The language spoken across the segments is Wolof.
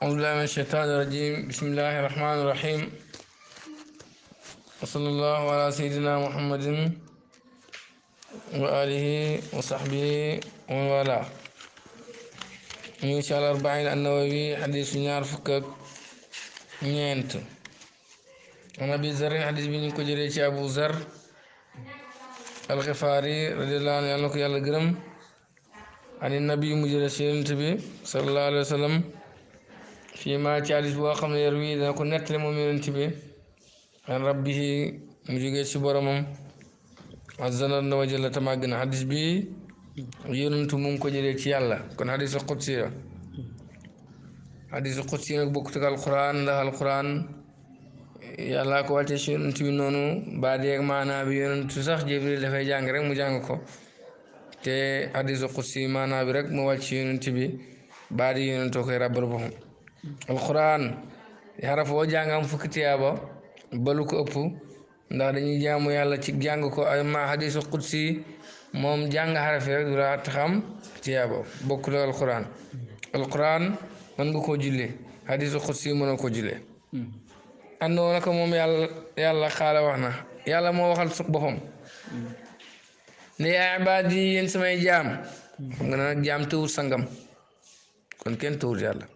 أعوذ بالله من الشيطان الرجيم بسم الله الرحمن الرحيم وصلى الله على سيدنا محمد وآله وصحبه ومن والاه إن شاء الله أربعين النووي حديث نيار فكك نينت عن أبي حديث بن كجريش أبو زر الغفاري رضي الله عنه يالك يالك عن النبي مجرسين تبي صلى الله عليه وسلم fii ci hadis boo xam ne yar wii dana ko nettali moom yonent bi an rabbihi mu jógee ci boromam azzanan na wajalla ta màgg na hadis bi yonentu mu ngi ko jëlee ci yàlla kon hadis qudsi la hadis qudsi nag bokkut ak alquran ndax yàlla ko wàccee ci yonent bi noonu ba deeg maanaa bi sax jibril dafay jàng rek mu jàng ko te hadis qudsi maanaa bi rek mu wàcc ci bi ba di yonentoo koy ràbbal boppam alquran xaraf woo jàng am tiyaaba balu ko ëpp ndax dañuy jàmm yàlla ci jàng ko ay ma hadisu qudsi moom jàng xaraf rek du laa tiyaaba bokkul ak alquran mën nga koo julle hadisu mën mënoo koo julle àndoon na ko moom yàlla yàlla wax na yàlla moo waxal su boppam ne yaa ibaadi yéen samay jaam xam nga nag sangam kon kenn tëwul yàlla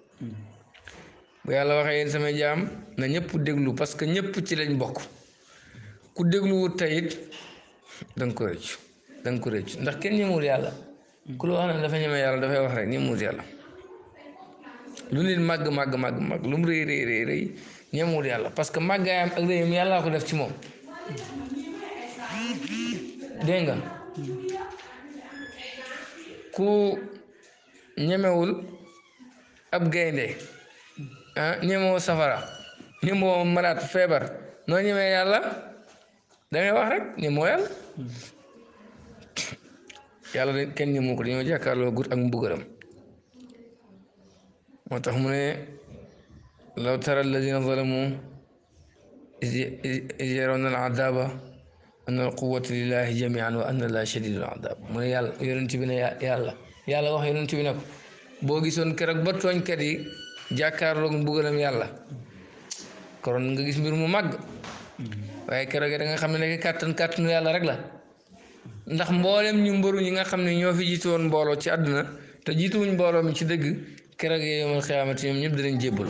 bu yàlla waxee yéen samay jaam na ñëpp déglu parce que ñëpp ci lañ bokk ku dégluwut tey it ko rëccu da ko rëccu ndax kenn ñemul yàlla ku la wax ne dafa ñeme yàlla dafay wax rek ñemul yàlla lu màgg màgg màgg màgg lu yàlla parce que màggaayam ak rëyam yàllaa ko def ci moom dégg ku ñemewul ab gaynde نيمو سفرة نيمو مرات فيبر نو نيمو يالا دمي وحرك نيمو يالا يالا كن نيمو كن نيمو جاكار لو غور أم بغرم وتهمني لو ترى الذين أن القوة لله جميعا وأن لا شديد العذاب من يال يرنتي بنا يالا يالا وحي يرنتي بنا سون كرك بطوان كريك jakar lo jàkkaarloog mbugalam yalla koron nga gis mbir mu mag waye waaye keroog da nga xam ne katan katnu yalla rek la ndax mboolem ñu mbëru ñi nga xam ño fi jitu won mbolo ci àdduna te wuñ mbolo mi ci dëgg keroog yawmal xiyaamati ñom ñep dinañ jébul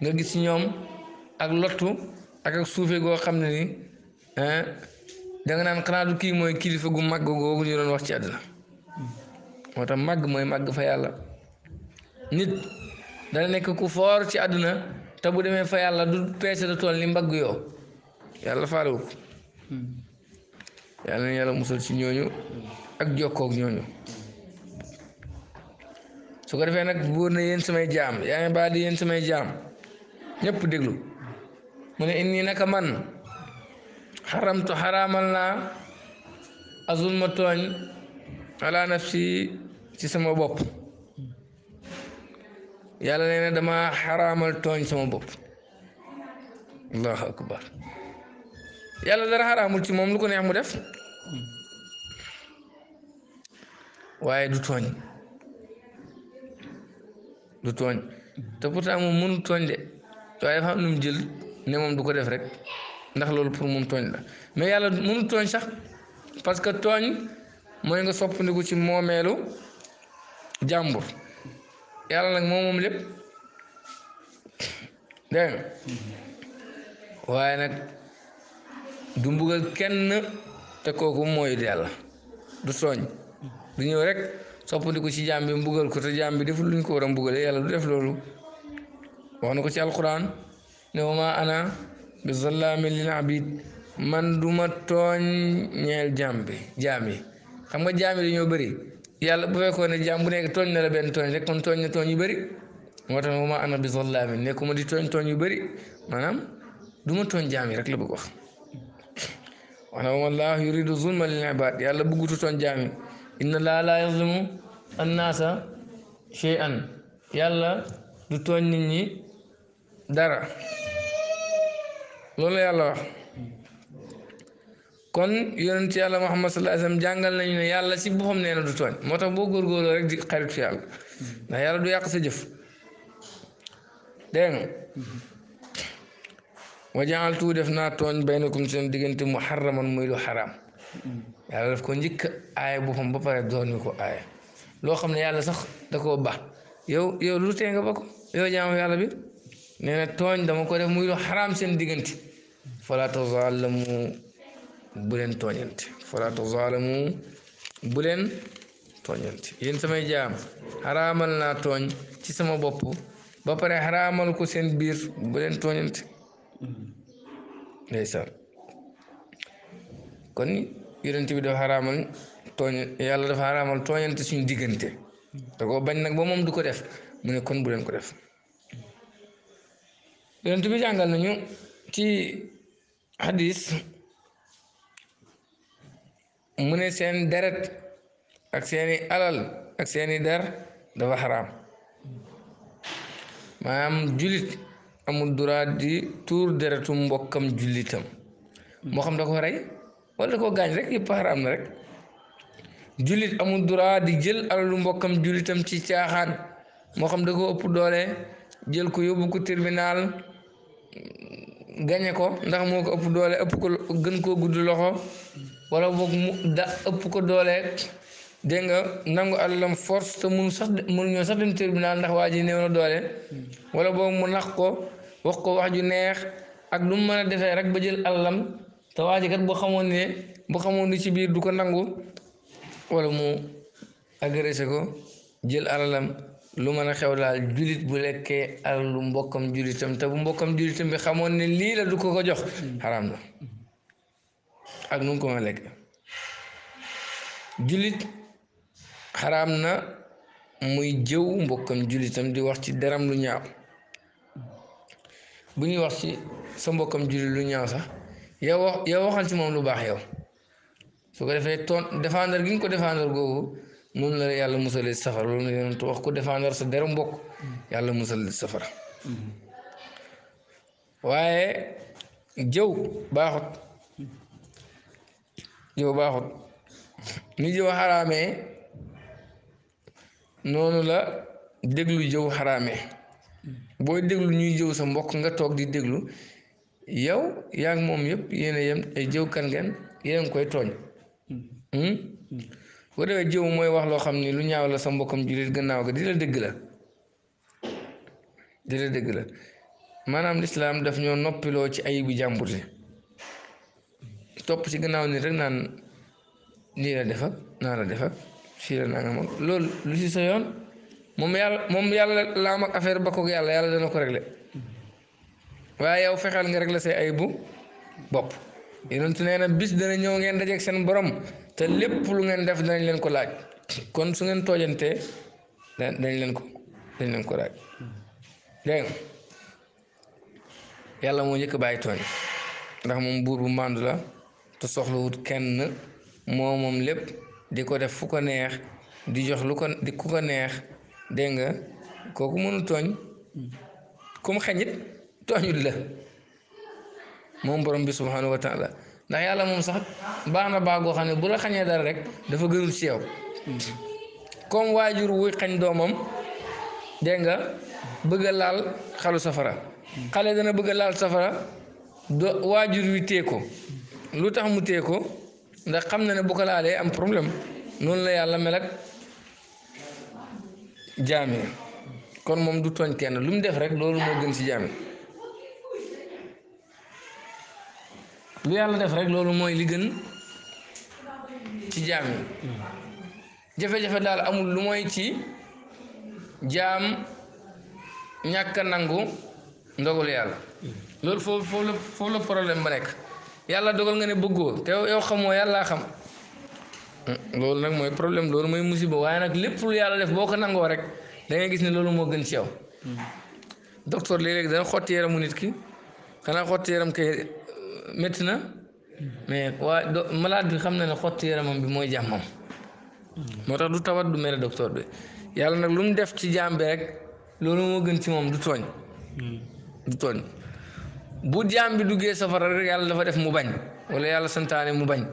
nga gis ñom ak lottu ak ak soufé go xam ni hein da nga nan xanaa du kii mooy kilifa gu mag gogu ñu doon wax ci aduna motam mag moy mag fa yalla nit dana nekk ku foor ci àdduna te bu demee fa yàlla du peese da tool ni mbagg yoo yàlla faalewu ko yàlla na yàlla musal ci ñooñu ak jokkoog ñooñu su ko defee nag buur na yéen samay jaam yaa ngi baa di yéen samay jaam ñëpp déglu mu ne nag man xaramtu xaraamal naa azul ma tooñ ala nafsi ci sama bopp yàlla nee na dama xaraamal tooñ sama bopp allahu akbar yàlla dara xaraamul ci moom lu ko neex mu def waaye du tooñ du tooñ te pourtant moom mënu tooñ de waaye dafa am jël ne moom du ko def rek ndax loolu pour moom tooñ la mais yàlla mënu tooñ sax parce que tooñ mooy nga soppandiku ci moomeelu jàmbur yàlla nag moom moom lépp dégg waaye nag du mbugal kenn te kooku mooyut yàlla du sooñ du ñëw rek soppandiku ci jaam bi mbugal ko te jaam bi deful luñ ko war a mbugalee yàlla du def loolu wax na ko ci alquran ne wa ma ana bi zallaami lil abid man duma tooñ ñeel jaam bi jaam xam nga jaam yi dañoo bëri yàlla bu fekkoon ne jaam bu nekk tooñ na benn tooñ rek kon tooñ na tooñ yu bëri moo tax ma ana bi zallaamin nekkuma di tooñ tooñ yu bëri maanaam du ma tooñ jaam yi rek la bëgg wax wax na yàlla inna laa laa yazlimu annaasa yàlla du tooñ nit ñi dara loolu yàlla wax kon yonent yàlla Muhammad sallallahu alayhi wasallam jàngal nañu ne yàlla si boppam nee na du tooñ moo tax boo góorgóorloo rek di xaritu yàlla ndax yàlla du yàq sa jëf dégg def naa tooñ baynakum seen diggante muharraman muy lu xaraam yàlla daf ko njëkk aaya boppam ba pare doon ñu ko aaya loo xam ne yàlla sax da koo yow yow lu tee nga ko yow jaamu yàlla bi nee na tooñ dama ko def muy lu xaraam seen diggante fala tazalamu bu leen tooñante falaa tuzaalamu bu leen tooñante yéen samay jaam xaraamal naa tooñ ci sama bopp ba pare xaraamal ko seen biir bu leen tooñante ndeysaan kon yonent dafa xaraamal tooñ si dafa diggante da ko bañ nag ba moom du ko def mu ne kon bu ko def yonent bi jàngal nañu ci hadis mu ne seen deret ak seeni alal ak seeni der dafa xaraam maanaam jullit amul duraat di tuur deretu mbokkam julitam moo xam da ko rey wala da ko gaañ rek yëpp xaraam na rek julit amul duraa di jël alalu mbokkam julitam ci caaxaan moo xam da ko ëpp doole jël ko yóbbu ko tribunal gañe ko ndax moo ko ëpp doole ëpp ko gën koo gudd loxo wala boog mu da ëpp ko dooleeg dégg nga nangu alalam force te mun sax mun ñoo sax dem tribunal ndax waa ji néew na doole hmm. wala boog mu nax ko wax ko wax ju neex ak lu mu mën a defee rek ba jël alalam te waa ji kat bu xamoon ne bu xamoon li ci biir du ko nangu wala mu agressé ko jël alalam lu mën a xew daal julit bu lekkee alalu mbokkam julitam te bu mbokkam julitam bi xamoon ni lii la du ko ko jox hmm. xaraam la ak nu koo ko mën lekk jullit xaraam na muy jëw mbokkam jullitam di wax ci deram lu ñaaw bu ñuy wax ci sa mbokkam jullit lu ñaaw sax yow wax waxal ci moom lu baax yow su ko defee toon défendre gi nga ko défendre googu noonu la yàlla musalee safara loolu la yonent wax ko défendre sa deru mbokk yàlla musalee safara mm-hmm. waaye jëw baaxut jëw baaxut ni jëw xaraamee noonu la déglu jëw xaraamee booy déglu ñuy jëw sa mbokk nga toog di déglu yow yaa ngi moom yëpp yéen a ay jëw kan ngeen yéen koy tooñ hmm? boo defee jëw mooy wax loo xam ni lu ñaaw la sa mbokkam jullit gannaaw ga di la dégg la di la dégg la maanaam lislaam daf ñoo noppiloo ci ayibu jàmbur yi top ci gannaaw ni rek naan lii la def ak naa la def ak fii la nangam ak loolu lu ci sa yoon moom yàlla moom yàlla la am ak affaire ba koog yàlla yàlla dana ko réglé waaye yow fexeel nga réglé say ay bu bopp yonentu nee na bis dana ñëw ngeen dajeeg seen borom te lépp lu ngeen def danañ leen ko laaj kon su ngeen toojantee dañ leen ko dañ leen ko laaj dégg nga yàlla moo njëkk bàyyi tooñ ndax moom buur bu màndu la te soxlawut kenn moo moom lépp di ko def fu ko neex di jox lu ko di ku ko neex dégg nga kooku mënul tooñ kum xañit tooñut la moom borom bi subhanahu wa taala ndax yàlla moom sax baax na baax goo xam ne bu la xañee dara rek dafa gënul ci yow comme waajur wuy xañ doomam dégg nga bëgg a laal xalu safara xale dana bëgg a laal safara do waajur wi téye ko lu tax mu téye ko ndax xam na ne bu ko laalee am problème noonu la yàlla mel ak jaam yi kon moom du tooñ kenn lu mu def rek loolu gën ci jaam yi yàlla def rek loolu mooy li gën ci jaam yi jafe-jafe daal amul lu mooy ci jaam ñàkk nangu ndogalu yàlla loolu foofu foofu la foofu la problème ba nekk. yàlla dogal nga ne bëggoo te yow xamoo yàllaa xam hmm, loolu nag mooy problème loolu mooy musiba waaye nag lépp lu yàlla def boo ko nangoo rek dangay gis ne loolu moo gën ci yow hmm. docteur léeg-léeg dana xotti yaramu ki xanaa xotti yaram kay euh, na hmm. mais waa do malade bi xam na ne xotti yaramam bi mooy jàmmam moo tax du tawat du mele docteur bi yàlla nag lu mu def ci jaam bi rek loolu moo gën ci moom du du tooñ bu jaam bi duggee safara rek yàlla dafa def mu bañ wala yàlla santaane mu bañ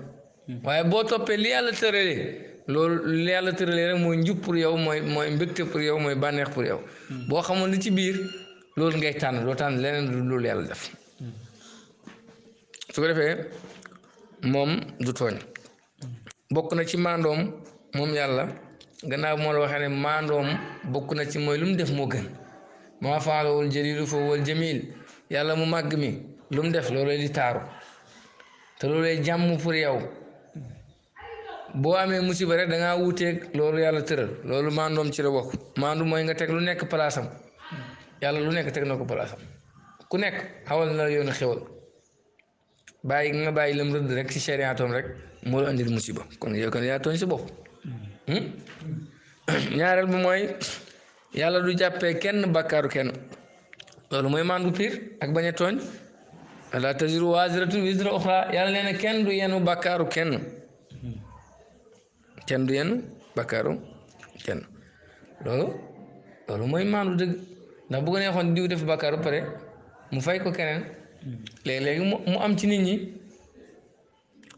waaye boo toppee li yàlla tëralee loolu li yàlla tëralee rek mooy njub pour yow mooy mooy mbégte pour yow mooy bànneex pour yow hmm. boo xamoon li ci biir loolu ngay tànn doo tànn leneen du loolu yàlla def su ko defee moom du tooñ bokk na ci maandoom moom yàlla gannaaw moo waxee ne maandoom bokk na ci mooy lu mu def moo gën maa faalawul jalilu fa wal jamil yàlla mu màgg mi lu mu def loolay di taaru te loolay jàmm pour boo amee musiba rek da ngaa loolu yàlla tëral loolu maandoom ci la bokk maandu mooy nga teg lu nekk palaasam yàlla lu nekk teg na ko palaasam ku nekk xawal na la yoonu xewal bàyyi nga bàyyi lam rëdd rek ci chériatoom rek moo la andil musiba kon yow kon yaa tooñ sa bopp hmm? ñaareel bi mooy yàlla du jàppee kenn bakkaaru kenn loolu mooy maandu piir ak bañ a tooñ la taziru waaziratun wizra uxra yàlla nee na kenn du yenu bakkaaru kenn kenn du yenu bàkkaaru kenn loolu loolu mooy maandu dëgg ndax bu ko neexoon diw def bakkaaru pare mu fay ko keneen léegi-léegi mu am ci nit ñi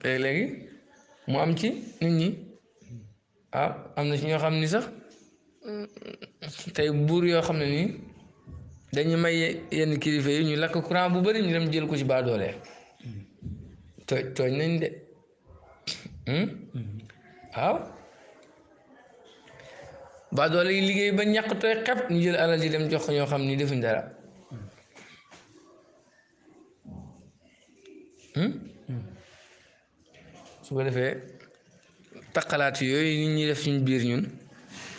léegi-léegi mu am ci nit ñi ah am na ci ñoo xam ni sax tey buur yoo xam ne nii dañu may yenn kilifa yi ñu lakk courant bu bari ñu dem jël ko ci baadoole tooñ tooñ nañ de hmm? waaw baadoole yi liggéey ba ñàkk tooy xep ñu jël alal ji dem jox ko ñoo xam ni defuñ dara hmm? su ko defee takkalaat yooyu nit ñi def suñ biir ñun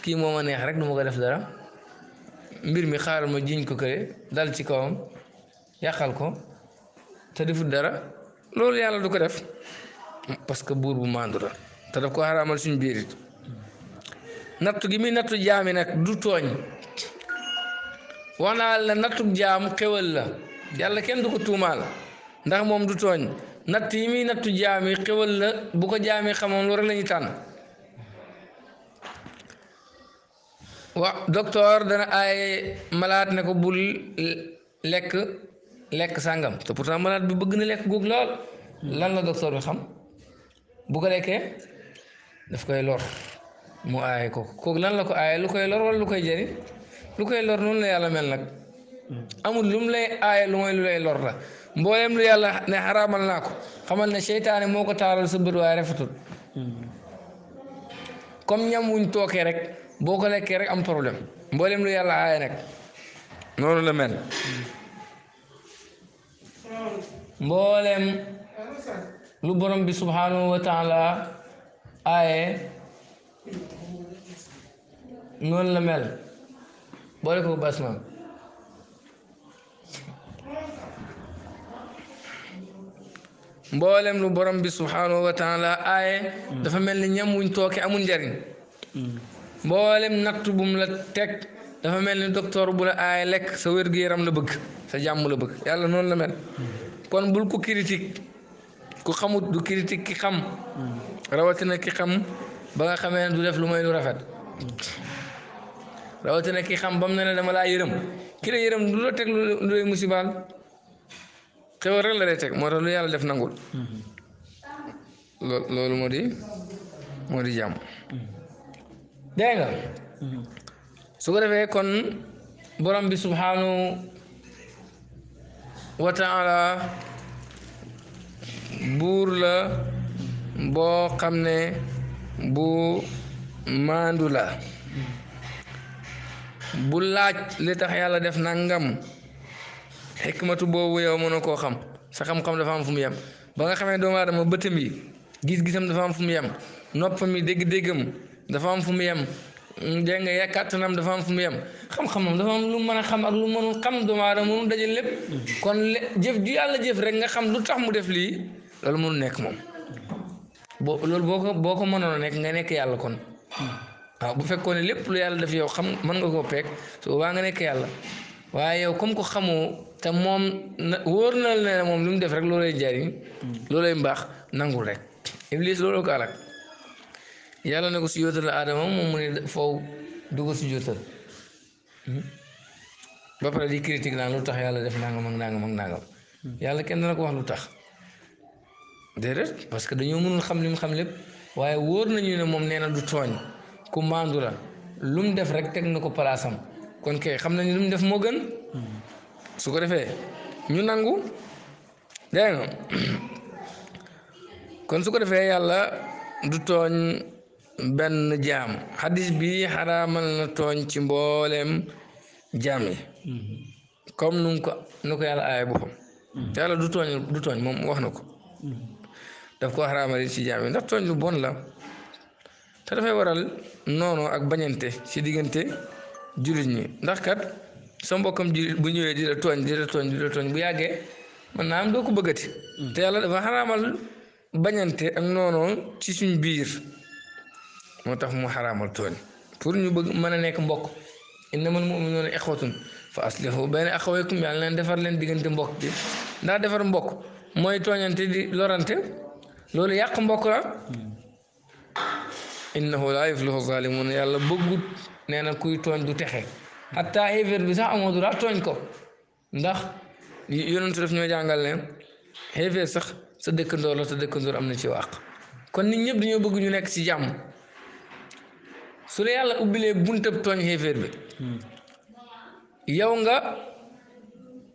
kii moo ma neex rek du ma ko def dara mbir mi xaaral ma jiñ ko kële dal ci kawam yàqal ko te defut dara loolu yàlla du ko def parce que buur bu màndu la te daf ko xaraamal suñ biir it nattu gi muy nattu jaami nag du tooñ wax naa la nattu jaamu xewal la yàlla kenn du ko tuumaal ndax moom du tooñ natt yi muy nattu jaami xewal la bu ko jaami xamoon loolu rek la ñuy tànn wa docteur dana aaye malaat ne ko bul lekk lekk sàngam te pourtant malaat bi bëgg na lekk góog lool lan la docteur bi xam bu ko lekkee daf koy lor mu aaye ko kooku lan la ko aaye lu koy lor lu koy jëriñ lu koy lor noonu la yàlla mel nag amul lu mu lay aaye lu mooy lu lay lor la mbooleem lu yàlla ne xaraamal naa ko xamal ne seytaane moo ko taaral sa bët waaye rafetul hmm. comme ñam wuñ tookee rek. boo ko lekkee rek am problème mboolem lu yàlla aaye nag noonu la mel mboolem lu borom bi subhanahu wa taala aaye noonu la mel boole ko basman mboolem lu borom bi subhanahu wa taala aaye dafa mel ni ñam wuñ tooke amul njariñ mboolem natt bu mu la teg dafa mel ni docteur bu la aay lekk sa wér-gu-yaram la bëgg sa jàmm la bëgg yàlla noonu la mel kon bul ko critique ku xamut du critique ki xam rawatina ki xam ba nga xamee ne du def lu may lu rafet rawatina ki xam ba mu ne ne dama laa yërëm ki la yërëm du la teg lu lay musibaal xewal rek la lay teg moo tax lu yàlla def nangul mm-hmm. loolu moo di moo di jàmm mm-hmm. dégg su ko defee kon borom bi subhanahu wa taala buur la boo xam ne bu mandula, la bu laaj li tax yàlla def nangam xikmatu boobu yow mënoo koo xam sa xam-xam dafa am fu mu yem ba nga xamee doomu aadama bëtam yi gis-gisam dafa am fu mu yem noppam yi dafa am fu mu yem dégg nga yaa kàttanam dafa am fu mu yem xam-xamam dafa am lu mën a xam ak lu mënul xam doomu aadama mënul daje lépp kon jëf ju yàlla jëf rek nga xam lu tax mu def lii loolu mënul nekk moom boo boo ko boo ko mënoon a nekk nga nekk yàlla kon waaw bu fekkoon ne lépp lu yàlla def yow xam mën nga koo pek su boobaa nga nekk yàlla waaye yow comme ko xamoo te moom na wóor na la moom lu mu def rek loolay jariñ loolay mbaax nangul rek iblis loolu ko alak yàlla ne ko sujjóotal aadama moom mu ne foofu du ko sujjóotal hmm? ba pare di critique naan lu tax yàlla def nga ak nangam ak nangam yàlla kenn dana ko wax lu tax déedéet parce que dañoo mënul xam li mu xam lépp waaye wóor nañu ne moom nee na du tooñ ku maandu la lu mu def rek teg na ko palaasam kon kay xam nañu lu mu def moo gën su ko defee ñu nangu dégg kon su ko defee yàlla du tooñ. benn jaam xadis bi xaraamal na tooñ ci mbooleem jaam yi comme nu ko nu ko yàlla aaya boppam yàlla du tooñ du tooñ moom wax na ko daf ko xaraamal ci jaam ndax tooñ lu bon la te dafay waral noonu ak bañante ci diggante jullit ñi ndax kat sa mbokkam jullit bu ñëwee di la tooñ di la tooñ bu yàggee mën naa am doo ko bëggati te yàlla dafa xaraamal bañante ak noonu ci suñu biir moo tax mu xaraamal tooñ pour ñu bëgg mën a nekk mbokk inna man innamal mu'minuuna ixwatun fa aslihu bayna axawaykum yàlla leen defar leen diggante mbokk bi ndax defar mbokk mooy tooñante di lorante loolu yàq mbokk la innahu laa yuflihu zalimuuna yàlla bëggut nee na kuy tooñ du texe xataa xéeféer bi sax amoo droit tooñ ko ndax yonentu daf ñoo jàngal ne xéeféer sax sa dëkkandoor la sa dëkkandoor am na ci wàq kon nit ñëpp dañoo bëgg ñu nekk ci jàmm su la yàlla ubbilee buntab tooñ xéeféer bi yow nga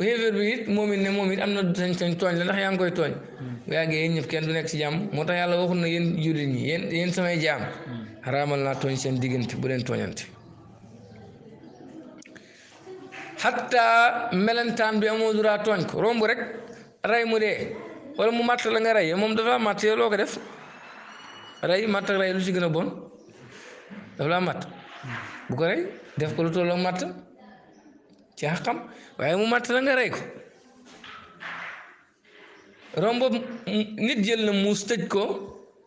xéeféer bi it moom it ne moom it am na sañ-sañ tooñ la ndax yaa ngi koy tooñ bu yàggee yéen ñëpp kenn du nekk si jàmm moo tax yàlla waxul na yéen jullit ñi yéen yéen samay jaam xaraamal naa tooñ seen diggante bu leen tooñante xatta melentaan bi amoo dura tooñ ko romb rek rey mu dee wala mu màtt la nga rey moom dafa màtt yow loo ko def rey màtt rey lu ci gën a bon dafa laa matt bu ko rey def ko lu tolloo matt ci xaqam waaye mu matt la nga rey ko romb nit jël na muus tëj ko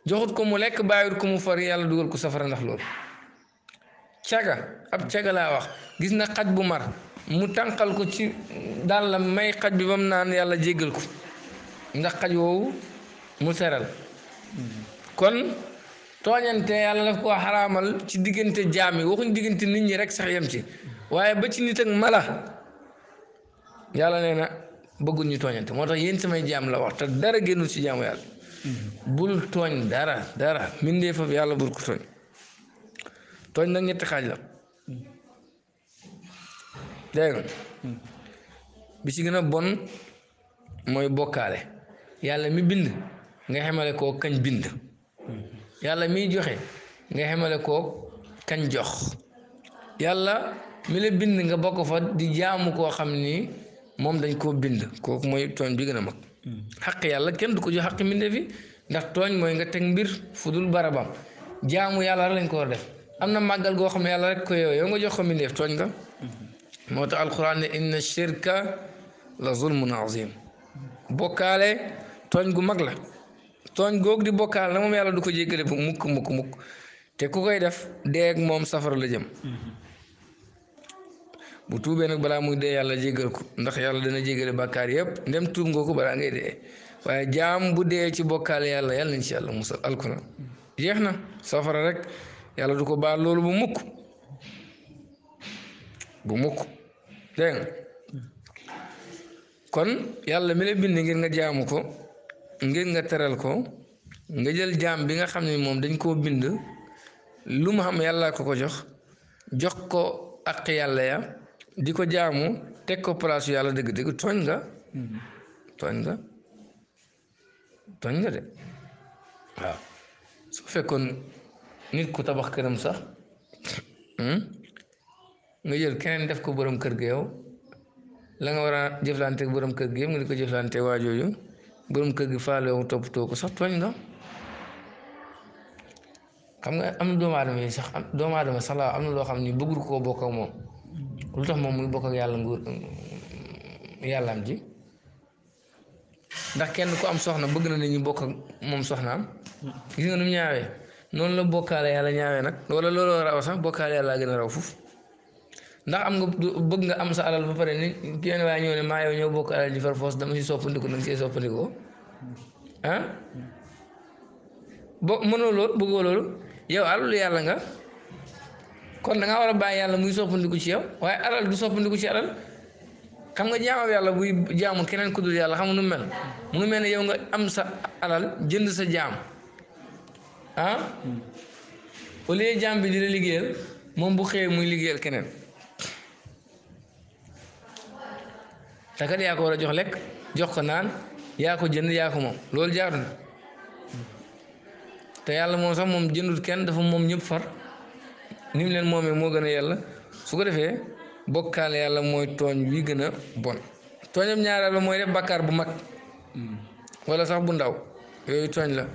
joxut ko mu lekk bàyyiwut ko mu far yàlla dugal ko safara ndax loolu caga ab caga laa wax gis na xaj bu mar mu tànqal ko ci dàllam may xaj bi ba mu naan yàlla jéggal ko ndax xaj woowu mu seral mm-hmm. kon tooñante yàlla daf ko xaraamal ci diggante jaam yi waxuñ diggante nit ñi rek sax yem ci waaye ba ci nit ak mala yàlla nee na bëggul ñu tooñante moo tax yéen samay jaam la wax dara génnul ci jaamu yàlla bul tooñ dara dara mindee foofu yàlla bul ko tooñ tooñ nag ñetti xaaj la dégg bi ci gën a bon mooy bokkaale yàlla mi bind nga xamale koo kañ bind yàlla miy joxe nga xamale kook kañ jox yàlla mi la bind nga bokk fa di jaamu koo xam ni moom dañ koo bind kooku mooy tooñ bi gën a mag xaq yàlla kenn du ko jox xaq mbindee fi ndax tooñ mooy nga teg mbir fu dul barabam jaamu yàlla rek lañ ko war def am na màggal goo xam ne yàlla rek ko yow yow nga jox ko mbindeef tooñ nga moo tax alquran ne inna shirka la zulmun azim bokkaale tooñ gu mag la tooñ goog di bokkaal na moom yàlla du ko jéggale bu mukk mukk mukk te ku koy def dee moom safara la jëm mm-hmm. bu tuubee nag balaa muy dee yàlla jéggal ko ndax yàlla dana jéggale bàkkaar yëpp ndem tuub nga ko balaa ngay dee waaye jaam bu dee ci bokkaale yàlla yàlla nañ ci yàlla musal alkuna mm-hmm. jeex na safara rek yàlla du ko baa loolu bu mukk bu mukk dégg mm-hmm. kon yàlla mi la bind ngir nga jaamu ko ngir nga teral ko nga jël jaam bi nga xam ne moom dañ koo bind lu mu xam yàlla ko ko jox jox ko ak yàlla ya di ko jaamu teg ko palaasu yàlla dëgg-dëgg tooñ nga tooñ nga tooñ nga de waaw su fekkoon nit ko tabax këram sax hmm, nga jël keneen def ko borom kër ga yow la war a jëflante borom kër ga yëpp nga di ko jëflante waajooju borom kër gi faale wu toppatoo ko sax tooñ nga xam nga am na doomu aadama yi sax doomu aadama sax la am na loo xam ni bëggul koo bokk ak moom lu tax moom muy bokk yàlla nguur yàllaam ji ndax kenn ku am soxna bëgg na ni ñu bokk ak moom soxnaam gis nga nu mu noonu la bokkaale yàlla ñaawee nag wala looloo raw sax bokkaale yàlla gën a raw foofu ndax am nga bëgg nga am sa alal ba pare ni kenn waaye ñëw ne maa yow ñëw bokk alal ji far foos dama si soppandiku nag see soppandiku ah bo mënoo loolu bëggoo loolu yow alal yàlla nga kon da nga war a bàyyi yàlla muy soppandiku ci yow waaye alal du soppandiku ci alal xam nga jaamam yàlla buy jaamu keneen ku dul yàlla xam nu mel mu mel ne yow nga am sa alal jënd sa jaam ah au lieu jaam bi di la liggéeyal moom bu xëyee muy liggéeyal keneen te yaa ko war a jox lekk jox ko naan yaa ko jënd yaa ko moom loolu jaarul te yàlla moom sax moom jëndul kenn dafa moom ñëpp far ni mu leen moomee moo gën a yàlla su ko defee bokkaale yàlla mooy tooñ wi gën a bon tooñam ñaar ba mooy def bakkaar bu mag hmm. wala sax bu ndaw yooyu tooñ la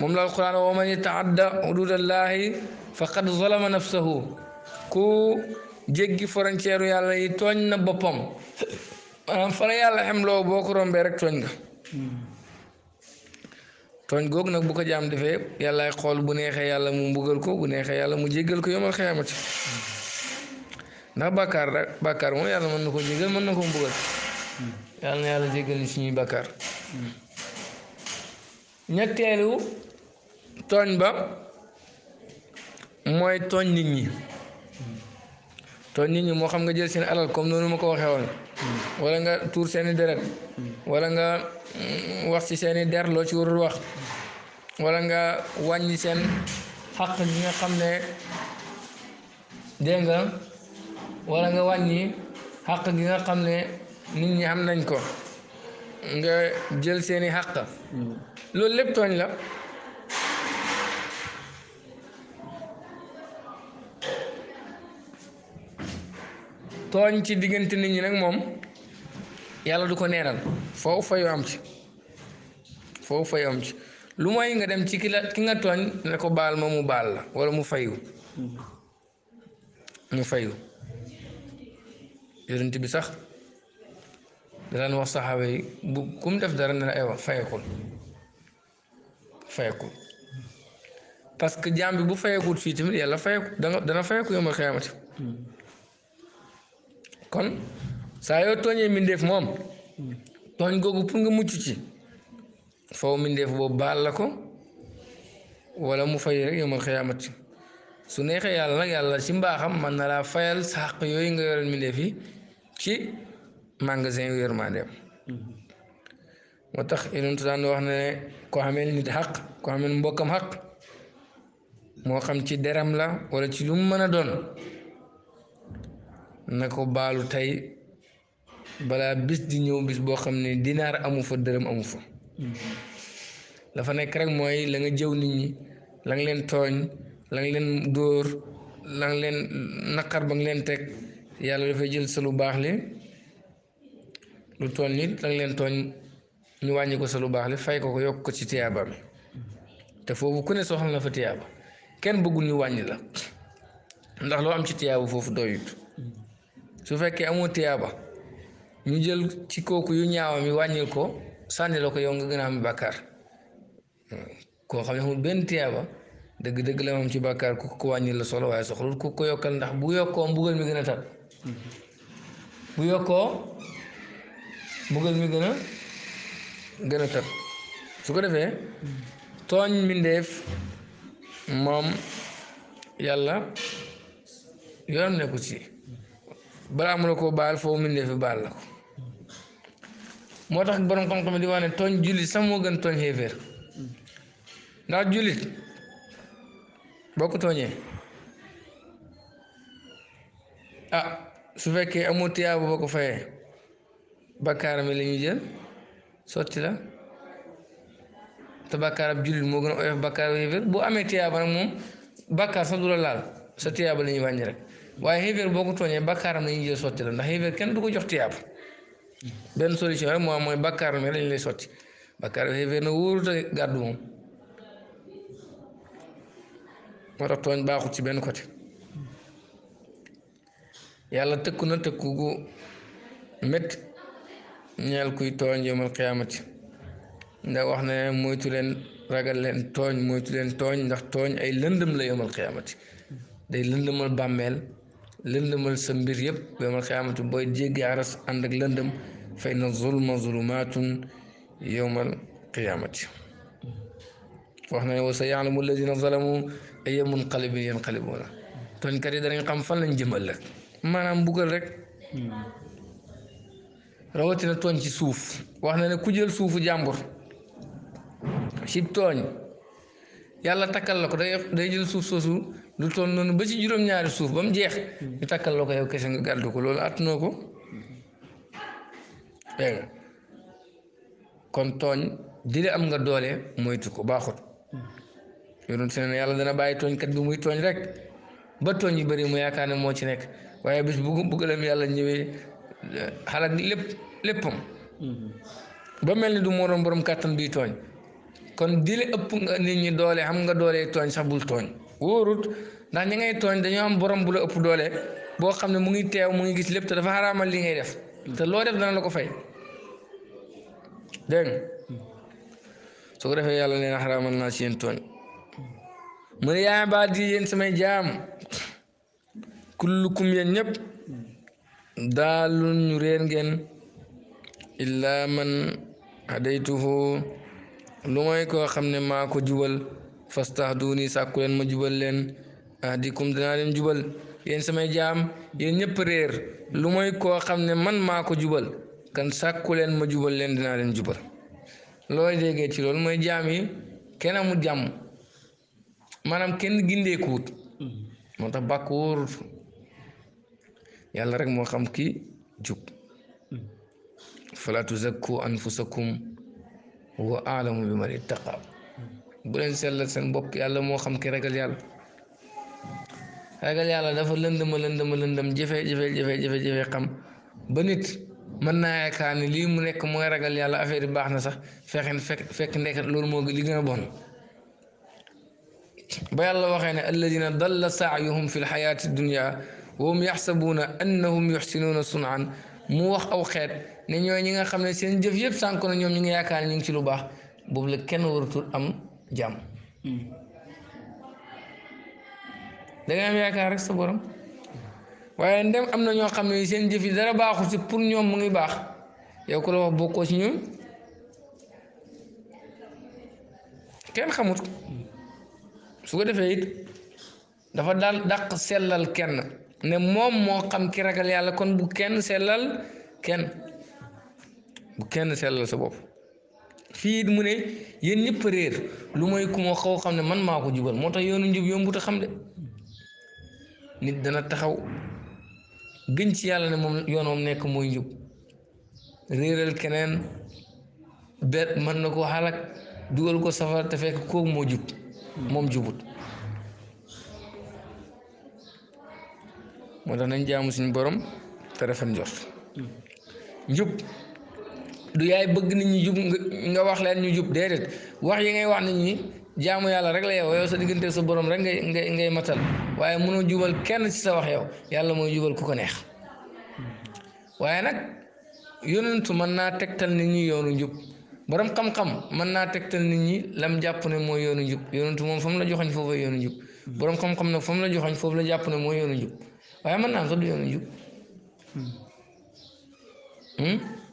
moom la alquran wa man yataadda hududallahi faqad zalama nafsahu ku jéggi frontière yàlla yi tooñ na boppam maanaam fa yàlla yàlla xemloo boo ko rombee rek tooñ nga tooñ googu nag bu ko jaam defee yàllaay xool bu neexee yàlla mu mbugal ko bu neexee yàlla mu jéggal ko yomal xiyaamati ndax bàkkaar rek bàkkaar moom yàlla mën na ko jéggal mën na ko mbugal yàlla na yàlla jéggal ni suñuy bàkkaar ñetteelu tooñ ba mooy tooñ nit ñi tooñ nit ñi moo xam nga jël seen alal comme noonu ma ko waxee woon nga tuur seeni deret wala nga mm, wax ci seeni der loo ci warul wax wala nga wàññi seen xaq gi nga xam ne dégg nga wala nga wàññi xaq gi nga xam ne nit ñi am nañ ko nga jël seeni xaq mm. loolu lépp tooñ la tooñ ci diggante nit ñi nag moom yàlla du ko neenal foofu fayu am ci foofu fayu am ci lu mooy nga dem ci ki ki nga tooñ ne ko baal ma mu baal la wala mu fayu mu fayu yonent bi sax da wax saxaaba bu ku mu def dara ne la aywa fayekul fayekul parce que jaam bu fayekut fii tamit yàlla fayeku dana fayeku yomal xiyaamati kon saa yoo tooñee mbindeef moom tooñ googu pour nga mucc ci faw mbindeef boobu baal la ko wala mu fay rek yomal xiyaamati su neexee yàlla nag yàlla ci mbaaxam man na laa fayal sa xaq yooyu nga yoreel mbindeef yi ci magasin yu yërmandeem moo tax yonent daan wax ne ko xamee nit xaq ko xamee mbokkam xaq moo xam ci deram la wala ci lu mu mën a doon na ko baalu tey balaa bis di ñëw bis boo xam ne dinaar amu fa dërëm amu fa dafa nekk rek mooy la nga jëw nit ñi la nga leen tooñ la nga leen dóor la nga leen naqar ba nga leen teg yàlla dafay jël sa lu baax li lu tooñ nit la nga leen tooñ ñu wàññi ko sa lu baax li fay ko ko yokk ko ci tiyaaba te foofu ku ne soxla na fa tiyaaba kenn bëggul ñu wàññi la ndax loo am ci tiyaaba foofu doyut su fekkee amoo tiyaaba ñu jël ci kooku yu ñaawam yi wàññil ko sànni la ko yow nga gën a am bàkkaar koo xam ne amul benn tiyaaba dëgg-dëgg la moom ci bàkkaar ku ko wàññil la solo waaye soxlul ku ko yokkal ndax bu yokkoo mbugal mi gën a tar yokkoo mbugal mi gën a gën su ko defee tooñ mbindeef moom yàlla yoonam nekku ci balaa mu la koo baal foo mu indee baal la ko moo tax borom xam-xam di wax ne tooñ jullit sax moo gën tooñ xéeféer ndax jullit boo tooñee ah su fekkee amoo tiyaabu boo ko fayee bakkaara lañuy la ñuy jël sotti la te bakkaar ab jullit moo gën a oyof bakkaar bu boo amee tiyaaba nag moom bakkaar sax du la laal sa tiyaaba la wàññi rek. waaye xéeféer boo ko tooñee bàkkaaram la ñuy jël sotti la ndax xéeféer kenn du ko jox tiyaab benn solution rek moo am mooy bàkkaaram yi lañ lay sotti bàkkaaram xéeféer na wóorut a gàddu ci benn côté yàlla tëkku na tëkku gu métti ñeel kuy tooñ yowmal qiyaamati wax ne moytu leen ragal leen tooñ moytu leen tooñ ndax tooñ ay lëndëm la yowmal qiyaamati day lëndëmal bàmmeel للمل سمبير يب يوم القيامة بويد جيجي عرس عندك لندم فإن الظلم ظلمات يوم القيامة فهنا وسيعلم الذين ظلموا أي منقلب ينقلبون تون كريد أن يقام فلن جمال لك ما نعم بقر لك رواتنا تون سوف وحنا نكجل سوف جامبر شيب تون يالله تكال لك دي جل سوف سوف lu toll noonu ba si juróom-ñaari suuf ba mu jeex ñu takkal la ko yow kese nga gàddu ko loolu attanoo ko kon tooñ di la am nga doole moytu ko baaxut yoroon si ne yàlla dana bàyyi tooñkat bi muy tooñ rek ba tooñ yu bëri mu yaakaar ne moo ci nekk waaye bis bu bëggalam yàlla ñëwee xalaat lépp léppam ba mel ni du moroom borom kàttan bi tooñ kon di la ëpp nga nit ñi doole xam nga doole tooñ sax bul tooñ wóorut ndax ñi ngay tooñ dañoo am borom bu la ëpp doole boo xam ne mu ngi teew mu ngi gis lépp te dafa xaraamal li ngay def te loo def dana la ko fay dégg su ko defee yàlla nee na xaraamal naa ci yéen tooñ mu yaa baat di yéen samay jaam kullukum yéen ñëpp daalun ñu réer ngeen illaa man hadaytuhu lu mooy koo xam ne maa ko juwal fastahduni sàkku leen ma jubal leen ahdikum danaa leen jubal yéen samay jaam yéen ñëpp réer lu mooy koo xam ne man maa ko jubal kan sàkku leen ma jubal leen danaa leen jubal looy déggee ci loolu mooy jaam yi kenn amul jàmm maanaam kenn gindeekuwut mm-hmm. moo tax bàkk wóorut yàlla rek moo xam ki jub mm-hmm. fala tuzakku anfusakum wa aalamu bi man ittaqa bu len sel sen bop yàlla mo xam ki ragal yàlla ragal yàlla dafa lendum lendum lendum jefe jefe jefe jefe jefe xam ba nit man na yaakaar li mu nek mooy ragal yàlla affaire baxna sax fexen fek nek nekk mo li gëna bon ba yàlla waxe ne alladina dalla sa'yuhum fil lxayaati dunya wa hum yaxsabuuna annahum yuxsinuuna sunan mu wax aw xeet ne ñooy ñi nga xamne seen jëf yëpp sànk na ñom ñi nga yaakaar ñi ngi ci lu baax boobu la kenn waratul am jàmm hmm. da am yaakaar rek sa borom waaye ndem am na ñoo xam ne seen jëf yi dara baaxu ci pour ñoom mu ngi baax yow ku la bokkoo ci ñoom kenn xamut su ko defee it dafa dal dàq sellal kenn ne moom moo xam ki ragal yàlla kon bu kenn sellal kenn bu kenn sellal sa bopp fii mu ne yéen ñëpp réer lu mooy ku ma xaw xam ne man maa ko jubal moo tax yoonu njub yombut a xam de nit dana taxaw gën ci yàlla ne moom yoon moom nekk mooy njub réeral keneen bet mën na ko xalak dugal ko safar te fekk kooku moo jub moom jubut moo tax nañ jaamu suñu boroom te rafet njort hmm. njub du yaay bëgg nit ñu jub nga wax leen ñu jub déedéet wax yi ngay wax nit ñi jaamu yàlla rek lay yow yow sa diggante sa boroom rek ngay ngay ngay matal waaye mënoo jubal kenn ci sa wax yow yàlla mooy jubal ku ko neex waaye nag yonentu mën naa tegtal nit ñi yoonu njub borom xam mën naa tegtal nit ñi lam jàpp ne mooy yoonu njub yonentu moom fa la joxoñ foofu yoonu njub borom xam-xam nag la joxoñ foofu la jàpp ne mooy yoonu njub waaye mën naa sax du yoonu njub hmm?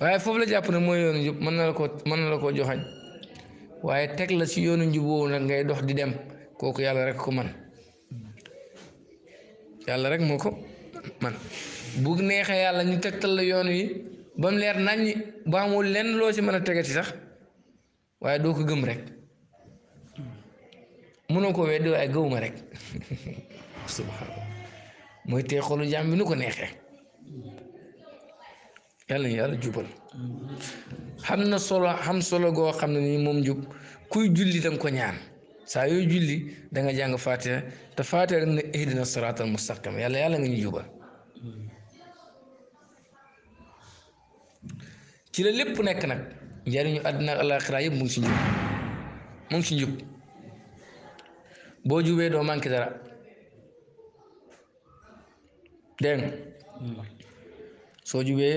waaye foofu la jàpp na mooy yoonu njub mën na la koo mën na la koo joxañ waaye teg la si yoonu njub woowu nag ngay dox di dem kooku yàlla rek ko man yàlla rek moo ko man bu neexee yàlla ñu tegtal la yoon yi ba leer nañ ñi ba lenn loo ci mën a tegati sax waaye doo ko gëm rek mënoo ko weddi waaye gëwuma rek subhanallah mooy tey xolu jaam bi nu ko neexee yàlla na yàlla jubal xam na solo xam solo goo xam ne nii moom jub kuy julli da ko ñaan saa yooy julli da jàng faatiha te faatiha rek ne ihdina siraatal yàlla yàlla nga ñu jubal ci la lépp nekk nag njariñu àddina ak alaaxira yëpp mu ngi ci njub mu ngi ci boo jubee doo manqué dara dégg soo jubee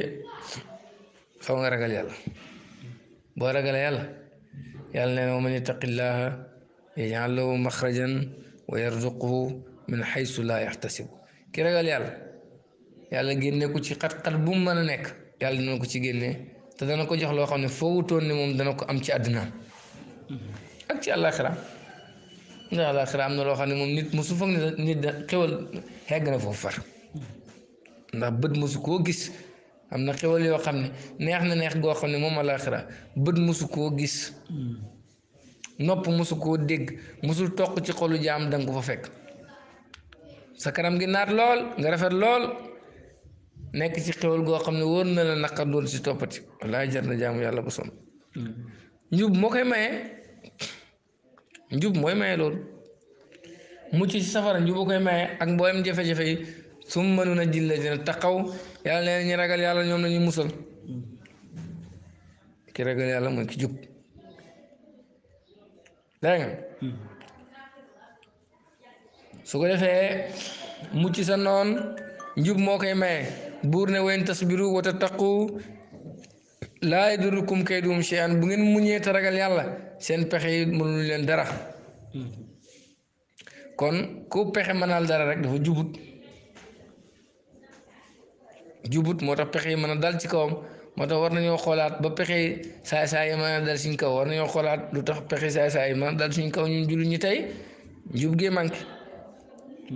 faw nga ragal yàlla boo ragalee yàlla yàlla nee na wa man yattaqillaha yaj'al lahu maxrajan wa yarzuqhu min xaysu laa yaxtasib ki ragal yàlla yàlla génne ko ci xat-xat bu mu mën a nekk yàlla dina ko ci génne te dana ko jox loo xam ne foogutoon ne moom dana ko am ci àddina ak ci àllaaxira ndax àllaaxira am na loo xam ne moom nit mosu foog ne nit da na foofu ndax bët mosu koo gis am na xewal yoo xam ne neex na neex goo xam ne moom alaxira bët mosu koo gis hmm. nopp mosu koo dégg mosul toq ci xolu jaam da nga ko fa fekk sa kanam gi naat lool nga rafet lool nekk ci xewal goo xam ne wóor na la naqar doon si toppati yi jar na jaamu yàlla bu sonn hmm. njub moo koy maye njub mooy maye loolu mucc ci safara njub koy maye ak mboolem jafe-jafe yi summa nunajji alladina taqaw ya nee na ñu ragal yàlla ñoom la musal ki ragal yàlla mooy ki jub dégg nga su ko defee mucc sa noon njub mo koy may buur ne wayn tasbiru wa tattaqu laa yadurukum kaydum shay'an bu ngeen muñe ta ragal yalla sen pexe dara hmm. kon ku pexe manal dara rek dafa jubut jubut moo tax pexe yi mën a dal ci kawam moo tax war nañoo xoolaat ba pexe yi saay saay yi mën a dal suñ kaw war nañoo xoolaat lu tax pexe saay saay yi mën a dal suñ kaw ñun jullit ñi tey njub gee manqué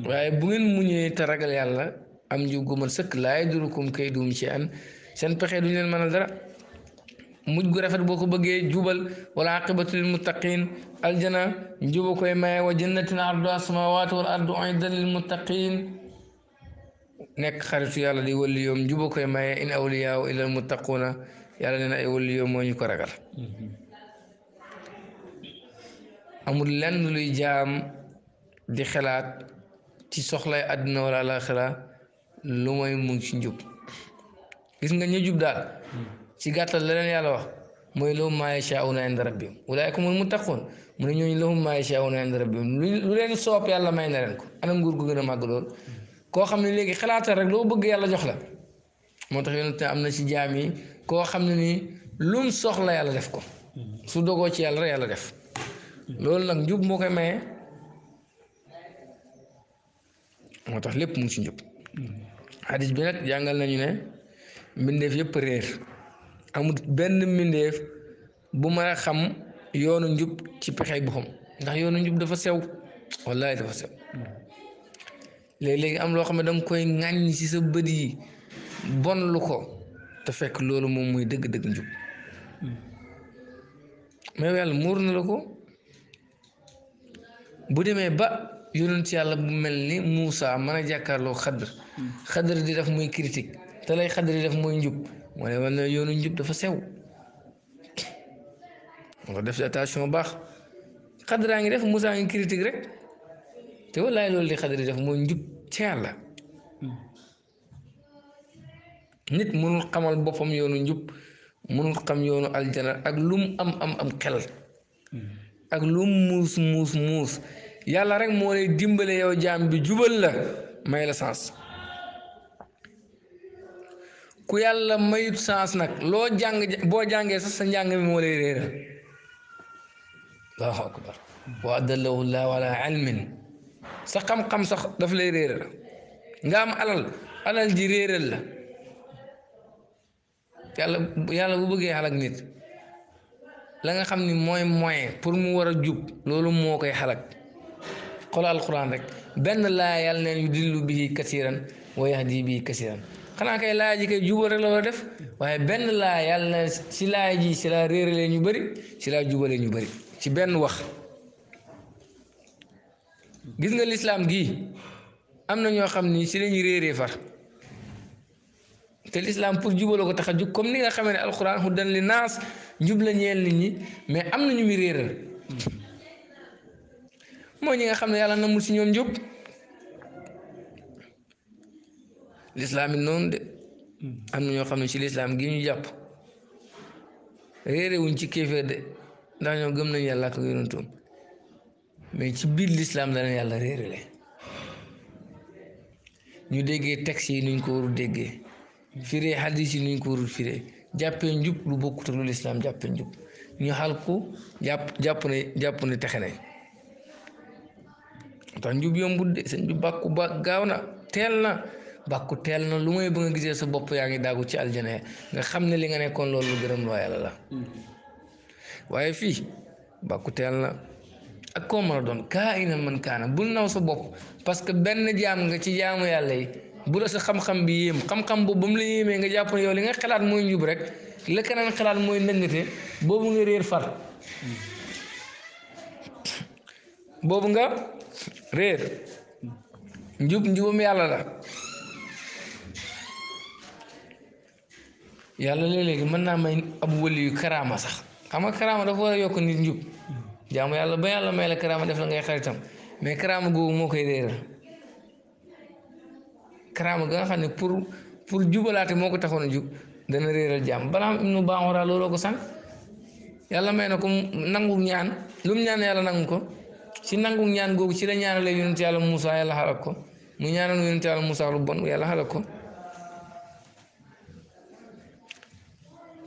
waaye bu ngeen muñee te ragal yàlla am njub gu mat sëkk laay durukum kay duum ci an seen pexe duñ leen mën a dara mujj gu rafet boo ko bëggee jubal wala aqibatu lil muttaqin aljana njuba koy maye wa jannatin ardu asamawaatu wal ardu uiddat lil nekk xaritu yàlla di waliyoom njuba koy maye in awliyaaw ilal muttaquuna yàlla nee na ay waliyoom moo ñu ko ragal amul lenn luy jaam di xalaat ci soxlay àdduna wala alaxira lu mooy mu ci njub gis nga ñu jub daal ci gàttal leneen yàlla wax mooy lahum maa a inda rabbihim ulaaika humul muttaquun mu ne ñooñu lahum maa yashaa'uuna lu leen soob yàlla may na leen ko ana nguur gu gën a màgg loolu koo xam ne léegi xalaatal rek loo bëgg yàlla jox la moo tax yonent am na ci jaam yi koo xam ne nii lum soxla yàlla def ko su dogoo ci yàlla yàlla def loolu nag njub moo koy maye moo tax lépp mu ngi ci njub xadis bi nag jàngal nañu ne mbindeef yëpp réer amul benn mbindeef bu ma xam yoonu njub ci pexey xam ndax yoonu njub dafa sew wallaay dafa sew léeg-léegi am loo xam ne da koy ŋàññ ci sa bët yi bon lu ko te fekk loolu moom muy dëgg-dëgg njub hmm. mais yàlla muur na la ko bu demee ba yonent yàlla bu mel ni Moussa mën jàkkaarloo xadr hmm. xadr di def muy critique te lay xadr def muy njub moo ne wal na yoonu njub dafa sew nga def attention baax xadraa ngi def Moussa ngi critique rek te wallaay loolu li xadar def mooy njub ci yàlla nit mënul xamal boppam yoonu njub mënul xam yoonu aljana ak lum am am am xel ak lum muus muus muus yàlla rek moo lay dimbale yow jaam bi jubal la may la sens ku yàlla mayut sens nag loo jàng boo jàngee sax sa njàng mi moo lay réeral allahu akbar wa adallahu llah sa xam-xam sax daf lay réeral nga am alal alal ji réeral la yàlla yàlla bu bëggee xalak nit la nga xam ni mooy moyen pour mu war a jub loolu moo koy xalak xool alquran rek benn laa yàlla neen yu dillu bii kasiran wa yahdi bii kasiran xanaa kay laa ji kay jubal la def waaye benn laa yàlla na si laa ji si laa réeralee ñu bari si laa jubalee ñu bari ci benn wax gis nga lislaam gii am na ñoo xam ni si lañu réeree far te lislaam pour jubaloo ko tax a jug comme ni nga xamee ne alxuraan hudan li naas njub la ñeel ñi mais am na ñu muy réeral ñi nga xam ne yàlla namul si ñoom njub lislaam it noonu de am na ñoo xam ne ci lislaam gii ñu jàpp réere ci kéeféer de ndax ñoo gëm nañu yàlla ak yonentoom mais ci biir lislaam dana yàlla réerale ñu déggee texte yi nuñ ko warul déggee firee xadis yi nuñ ko warul firee jàppee njub lu bokkut ak lu lislaam jàppee njub ñu xal ko jàpp jàpp ne jàpp ne texe nañ njub yombut de sa njub bàkku ba gaaw na teel na bàkku teel na lu may ba nga gisee sa bopp yaa ngi daggu ci aljana nga xam ne li nga nekkoon loolu lu gërëm loo yàlla la mm-hmm. waaye fii bàkku teel na ak koo mën a doon kaa ina man kaana bul naw sa bopp parce que benn jaam nga ci jaamu yàlla yi bu la sa xam-xam bi yéem xam-xam boobu ba mu la yéemee nga jàpp yow li nga xalaat njub rek la keneen mooy ndëngate boobu nga réer far nga réer njub njubam yàlla la yàlla léeg-léegi mën naa may ab wëli karaama sax xam nga karaama dafa war a yokk nit njub Jamu ya ba yàlla may la karaama def la ngay xaritam mais karaama googu moo koy réeral karaama ga nga xam ne pour pour jubalaate moo ko taxoon a jub dana réeral ya balaa am ibnu baaxoraa looloo ko sant yàlla may na ko nangu ñaan lu mu ñaan yàlla nangu ko ci nangu ñaan googu ci la ya yonent yàlla Moussa ya xalak ko mu ñaanal yonent yàlla ya Moussa lu bon yàlla ya xalak ko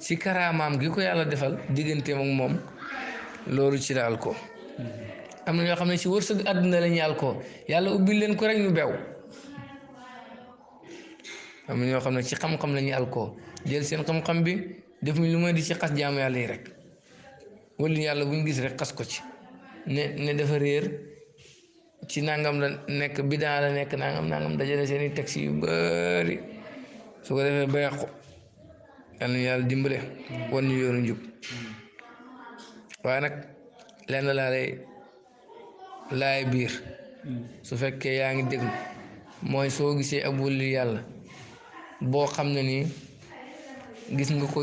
ci gi ko yalla defal digeentem ak mom loolu ci la alko am na ñoo xam ne si wërsëg àdduna la ñu alko yàlla ubbil leen ko rek ñu bew am na ñoo xam ne ci xam-xam la ñu jël seen xam-xam bi def ñu lu di ci xas jaamu yi rek wala yàlla bu gis rek xas ko ci ne ne dafa ci nangam la nekk bidaa la nekk nangam nangam dajale seen i taxi yu su ko defee ba yàqu yàlla dimbale wan ñu yoonu njub waaye nag lenn laa lay laay biir hmm. su fekkee yaa ngi déglu mooy soo gisee ab wëllu yàlla boo xam ne nii gis nga ko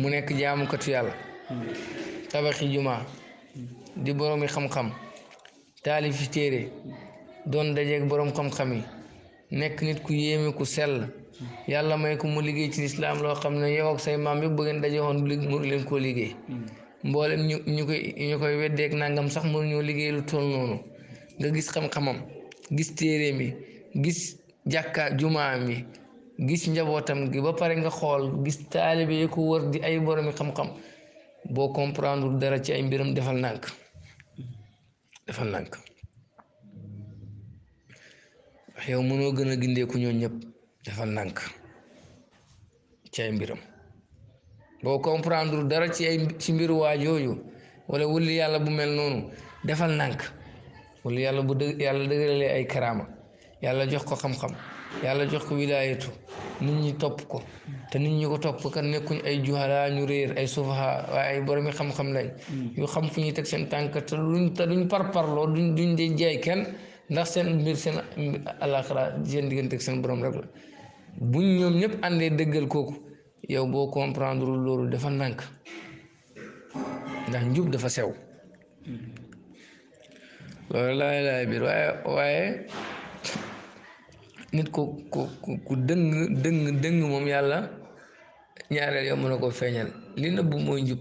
mu nekk jaamukatu yàlla hmm. tabaxi jumaa hmm. di boroomi xam-xam taalifi téere doon dajeeg boroom xam-xam yi nekk nit ku yéeme ku sell yàlla may ko mu liggéey ci lislaam loo xam ne yow ak say maam yëpp bu ngeen daje woon mu leen koo liggéey mboolem ñu ñu koy ñu koy nangam sax mënu ñoo liggéey lu toll noonu nga gis xam-xamam gis téere mi gis jàkka jumaa mi gis njabootam gi ba pare nga xool gis taalibe yi ko wër di ay boromi xam-xam boo comprendre dara ci ay mbiram defal nànk defal nank wax yow mënoo gën a gindeeku ñoo ñépp defal nànk ci ay mbiram boo comprendre dara ci ay ci mbiru waa jooju wala yàlla bu mel noonu defal nànk wulli yàlla bu dëgg yàlla dëgëralee ay karaama yàlla jox ko xam-xam yàlla jox ko wilaayatu nit ñi topp ko te nit ñi ko topp kan nekkuñ ay juhala ñu réer ay sufaha ay boromi xam-xam lañ hmm. yu xam fu ñuy teg seen tànk te duñ te duñ parparloo duñ duñ de jaay kenn ndax seen mbir seen alaxira seen diggante ak seen borom rek la buñ ñoom ñëpp àndee dëggal kooku yow boo comprendre loolu dafa nànk ndax njub dafa sew loolu laay laay biir waaye waaye nit ku ku ku dëng dëng moom yàlla ñaareel yow mën ne ko feeñal li nëbbu mooy njub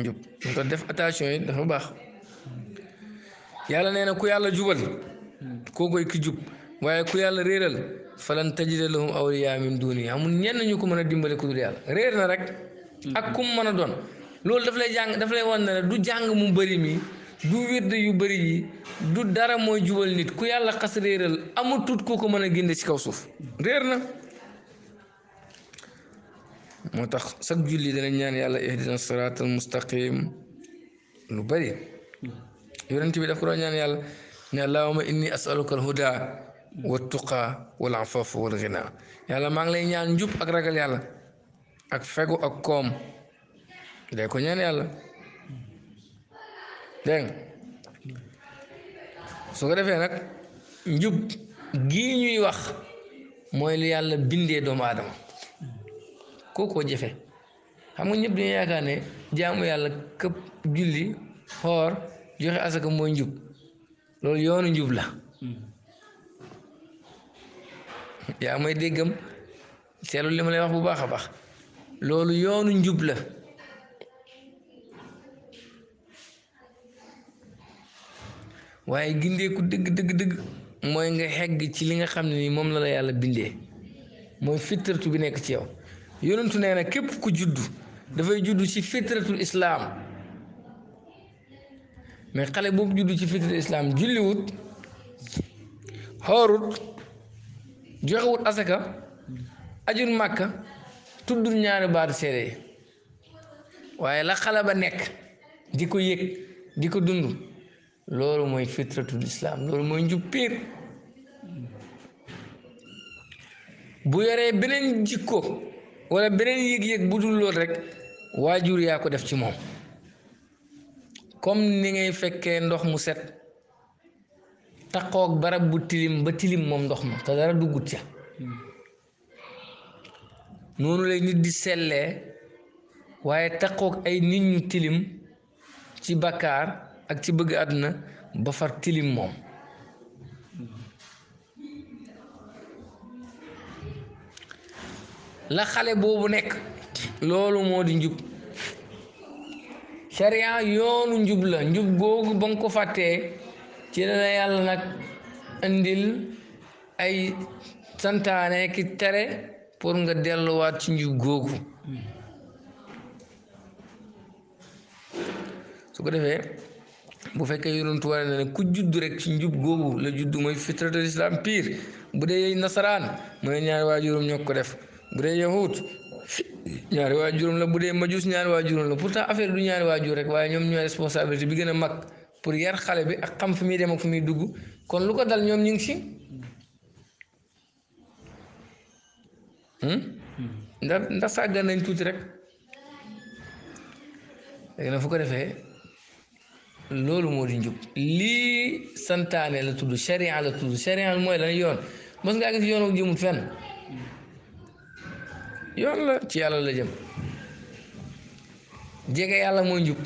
njub mu ko def attention yi dafa baax yàlla nee na ku yàlla jubal koo koy ki jub waaye ku yàlla réeral falan tajida lahum awliya min duni amul ñenn ñu ko mën a dimbale ku dul yàlla réer na rek ak kum mën a doon loolu daf lay jàng daf lay wan ne du jàng mu bari mi du wird yu bari yi du dara mooy juwal nit ku yàlla xas réeral amul tuut koo ko mën a génne ci kaw suuf réer na moo tax sag julli dana ñaan yàlla ihdina siraatal mustaqim lu bëri yonent bi daf ko doon ñaan yàlla ne allahumma inni asaluka al huda wa tuqaa wal afaafa wal ginaa yàlla maa ngi lay ñaan njub ak ragal yàlla ak fegu ak koom day ko ñaan yàlla dégg su ko defee nag njub gii ñuy wax mooy li yàlla bindee doomu aadama kookoo jëfe xam nga ñëpp dañu yaakaar ne jaamu yàlla këpp julli xoor joxe asaka mooy njub loolu yoonu njub la hmm. yaa may déggam seetlu li ma lay wax bu baax a baax loolu yoonu njub la waaye gindeeku dëgg dëgg dëgg mooy nga xegg ci li nga xam ne ni moom la la yàlla bindee mooy fitratu bi nekk ci yow yonentu nee na képp ku juddu dafay juddu ci fitratul islaam mais xale boobu juddu ci fitratul islaam julliwut xoorut joxewut asaka ajul màkka tuddul ñaari baatu seede yi waaye la xale ba nekk di ko yëg di ko dund loolu mooy fitratul islaam loolu mooy njub piir bu yoree beneen jikko wala beneen yéeg yëg bu dul loolu rek waajur yaa ko def ci moom comme ni ngay fekkee ndox mu set taqoog barab bu tilim ba tilim moom ndox ma te dara duggut ca noonu lay nit di sellee waaye taqoog ay nit ñu tilim ci bakkaar ak ci bëgg àdduna ba far tilim moom la xale boobu nekk loolu moo di njub sharia yoonu njub la njub googu ba nga ko fàttee ci la la yàlla nag ndil ay santaane ki tere pour nga delluwaat ci njub googu su ko defee bu fekkee yonent war na ne ku juddu rek ci njub googu la judd mooy fitratul islam pire bu dee nasaraan mooy ñaari waajuram ñoo ko def bu dee yahut ñaari waajuram la bu dee majus ñaari waajuram la pourtant affaire du ñaari waajur rek waaye ñoom ñooy responsabilité bi gën a mag pour yar xale bi ak xam fu muy dem ak muy dugg kon lu ko dal ñoom ñu ngi si hmm? hmm. ndax ndax sàggan nañ tuuti rek léegi nag fu ko defee loolu moo di njub lii santaane la tudd sharia la tudd sharia mooy lan yoon mos ngaa gis yoon wu jëmul fenn yoon la ci yàlla la jëm jege yàlla mooy njub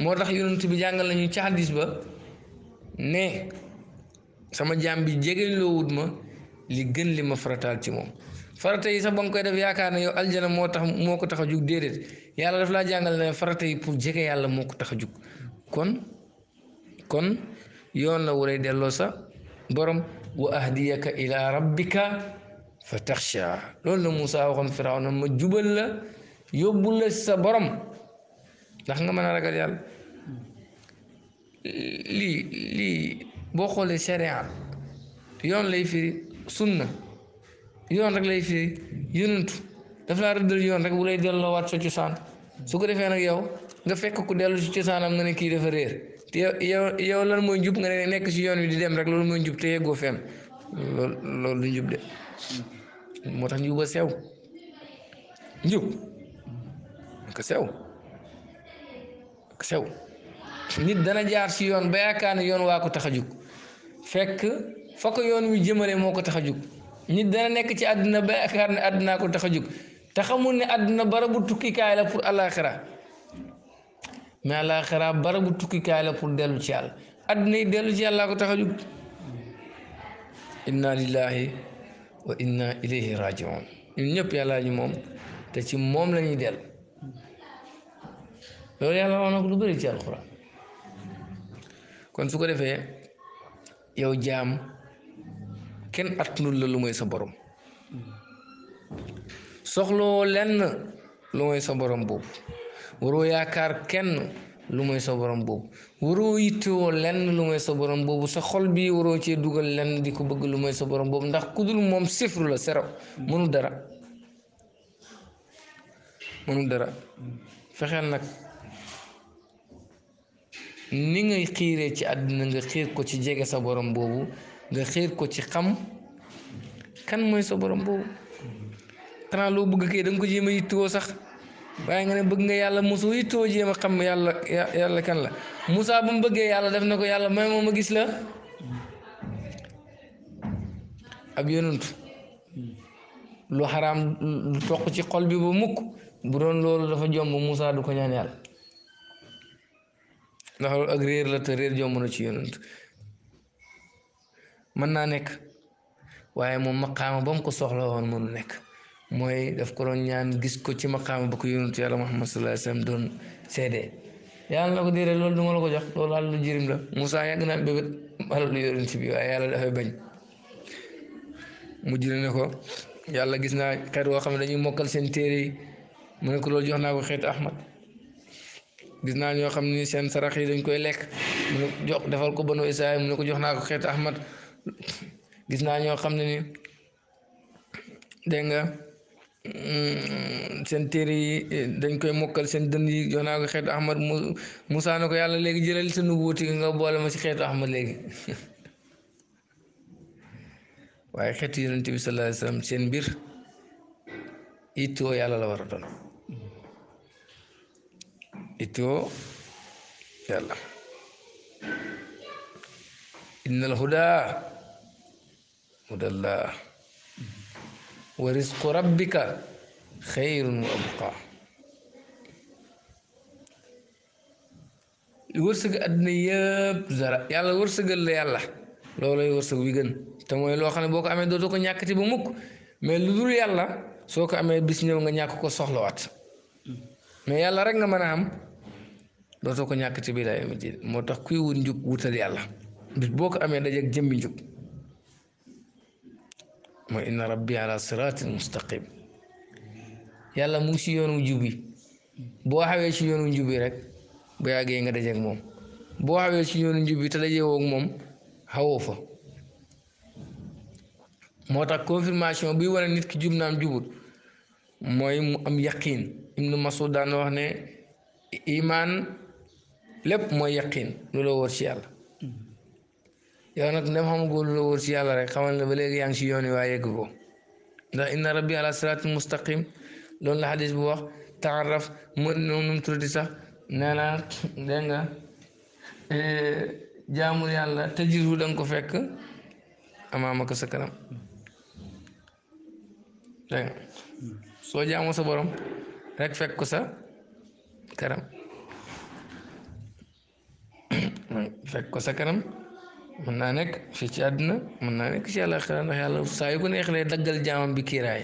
moo tax yonent bi jàngal nañu ci ba ne sama jam bi lo wut ma li gën li ma farataal ci moom farata yi sax ba koy def yaakaar ne yow aljana moo tax moo ko tax a jug daf laa jàngal ne farata yi pour kon kon yon la walay delloo sa borom wa ahdiyaka ila rabbika fa taxsha Musa la Moussa waxoon firaw na ma jubal la la sa borom ndax nga mën a ragal yàlla lii lii boo xoolee sharia yoon lay firi sunna yoon rek lay firi yonantu daf laa yoon rek wu lay delloo waat sa cosaan su ko defee nag yow nga fekk ku dellu si cosaanam nga ne kii dafa réer te yow yow lan mooy njub nga ne nekk si yoon wi di dem rek loolu mooy njub te yeggoo fenn loolu njub de moo tax njuba sew njub ko sew sew nit dana jaar ci yoon ba yaakaar ne yoon waa ko tax a jug fekk fa ko yoon wi jëmale moo ko tax a jug nit dana nekk ci àdduna ba yaakaar ne àddunaa ko tax a jug te xamul ne àdduna barabu tukkikaay la pour àllaaxira mais àllaaxira barabu tukkikaay la pour dellu ci yàlla àdduna yi dellu ci yàlla ko tax a jug inna lillahi wa inna ilayhi rajiun ñun ñëpp yàlla ñu moom te ci moom la ñuy dellu لو نقول بريت القرآن kon su ko defee yow jaam kenn attanul la lu mooy sa borom soxloo lenn lu mooy sa borom boobu waroo yaakaar kenn lu mooy sa borom boobu waroo yittewoo lenn lu mooy sa borom boobu sa xol bi waroo cee dugal lenn di ko bëgg lu mooy sa borom boobu ndax ku dul moom sifru la sero mënu dara mënu dara fexeel nag ni ngay xiiree ci àddina nga xiir ko ci jege sa borom boobu nga xiir ko ci xam kan mooy sa borom boobu xanaa loo bëgg kay da ko jéem a sax waaye nga ne bëgg nga yàlla mosoo yittoo jéem a xam yàlla yàlla kan la Moussa bu mu bëggee yàlla def na ko yàlla may moom a gis la ab yonent lu xaraam lu toq ci xol bi ba mukk bu doon loolu dafa jomb Moussa du ko ñaan yàlla ndax ak réer la te réer jomb na ci yonent mën naa nekk waaye moom maqaama ba mu ko soxla woon mënu nekk mooy def ko doon ñaan gis ko ci maqaama ba ko yonentu yàlla Muhammad sallallahu alayhi seede yàlla na ko la ko jox loolu la Moussa yàgg naa bébét alalu yonent bi waaye yàlla dafay bañ mu na ne ko yàlla gis naa xeet woo xam ne dañuy mokkal seen téere yi mu nekk ko loolu jox naa ko xeetu Ahmad gis naa ñoo xam ni seen sarax yi dañ koy lekk mu jox defal ko ba banu Israayil mu ne ko jox naa ko xeet Ahmad gis naa ñoo xam ne ni dégg nga seen téere yi dañ koy mokkal seen dënd yi naa ko xeet Ahmad mu Musaa ne ko yàlla léegi jëlal seen nubuwati nga boole ma si xeetu Ahmad léegi waaye xeetu yonent bi sallallahu alayhi wa sallam seen mbir yittoo yàlla la war a doon itu ya Allah. Innal huda hudallah wa rizqu rabbika khairun wa abqa. wërsëg adna yeb zara yàlla wërsëgal la yàlla loolay wërsëg bi gën te mooy loo xam ne boo ko amee dootoo ko ñàkkati ba mukk mais lu dul yàlla soo ko amee bis ñew nga ñak ko wat mais yalla rek nga mëna am dootoo ko ñàkk ci biir laa yawmi diin moo tax kuy wut njub wutal yàlla bis boo ko amee dajeeg jëmmi njub mooy inna rabbi ala siraatin mustaqim yàlla mu si yoonu njub bi boo xawee si yoonu njub rek bu yàggee nga dajeeg moom boo xawee si yoonu njub bi te moom xawoo fa moo tax confirmation buy wane ki jub naam jubut mooy mu ne imaan lépp mooy yaqin lu la wóor ci yàlla yow nag ndem xamagoo lu la wóor ci yàlla rek xamal ne ba léegi yaa ngi ci yoon wi waaye yegg ko ndax inna rabbi ala siraatin mustaqim loolu la xadis bu wax taaraf mu moom nu mu tuddati sax nee naa dégg nga jaamu yàlla tajiru da nga ko fekk amaama ko sa kanam dégg nga soo jaamoo sa borom rek fekk ko sa kanam mooy fekk ko sa kanam mën naa nekk fii ci àdduna mën naa nekk ci àllaaxira ndax yàlla saa yu ko neex lay daggal jaamam bi kiiraay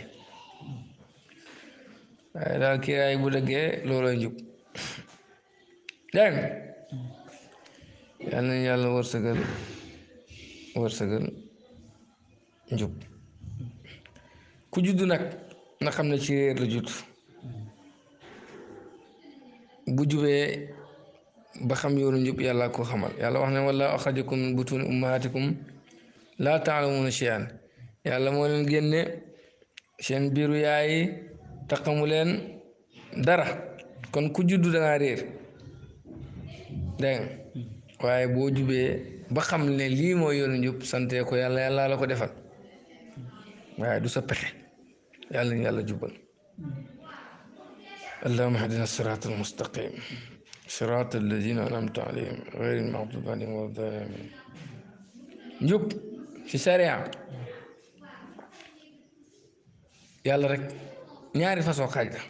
waaye daal kiiraay bu dëggee looloo njub dégg yal nañu yàlla wërsëgal wërsëgal njub ku judd nag na ne ci réer la judd bu jubee ba xam yoonu njub yàlla ko xamal yàlla wax na walla axrajakum min butuuni ummahaatikum laa taalamuuna shay'an yàlla moo leen génne seen biiru yaay te leen dara kon ku juddu da réer dégg waaye boo jubee ba xam ne lii mooy yoonu njub sante ko yàlla yàlla la ko defal waaye du sa pexe yàlla ñu yàlla jubal allahumma hadina siraatal mustaqim صراط الذين أنعمت عليهم غير المغضوب عليهم ولا الضالين نجوب في سريع yàlla rek ñaari façon xaaj la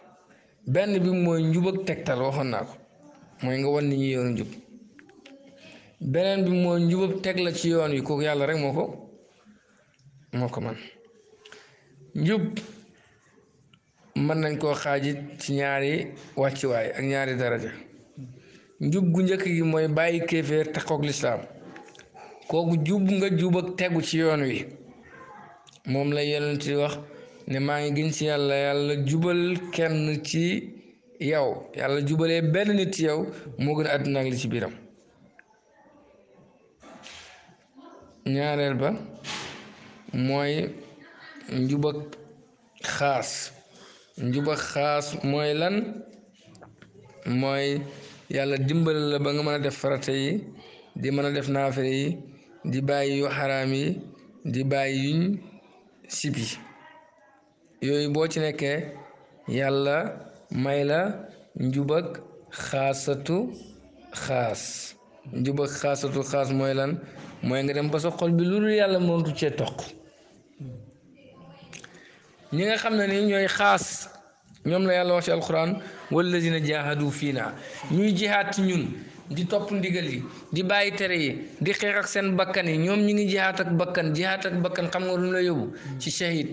benn bi mooy njub ak tegtal waxoon naa ko mooy nga wan nit ñi yoonu njub beneen bi mooy njub ak teg la ci yoon wi kooku yàlla rek moo ko moo ko man njub mën nañ koo xaajit ci ñaari wàccuwaay ak ñaari daraja njub gu njëkk gi mooy bàyyi kéeféer taxoog lislaam kooku jub nga jub tegu ci yoon wi moom la yonent di wax ne maa ngi gën ci yàlla yàlla jubal kenn ci yow yàlla jubalee benn nit ci yow moo ci biiram ñaareel ba mooy njub xaas njub xaas mooy lan mooy yàlla dimbal la ba nga mën a def farata yi di mën a def naafare yi di bàyyi yu xaraam yi di bàyyi yuñ sib yi yooyu boo ci nekkee yàlla may la njubak xaasatu xaas xasatu xaasatu mooy lan mooy nga dem ba sa xol bi loolu yàlla mënatu cee toq ñi nga xam ne ni ñooy xaas ñoom la yàlla wax ci alquran wallazina jaahadu fiina ñuy jihaat ci ñun di topp ndigal yi di bàyyi tere yi di xeex ak seen bakkan yi ñoom ñu ngi jihaat ak bakkan jihaat ak bakkan xam nga la yóbbu ci shahid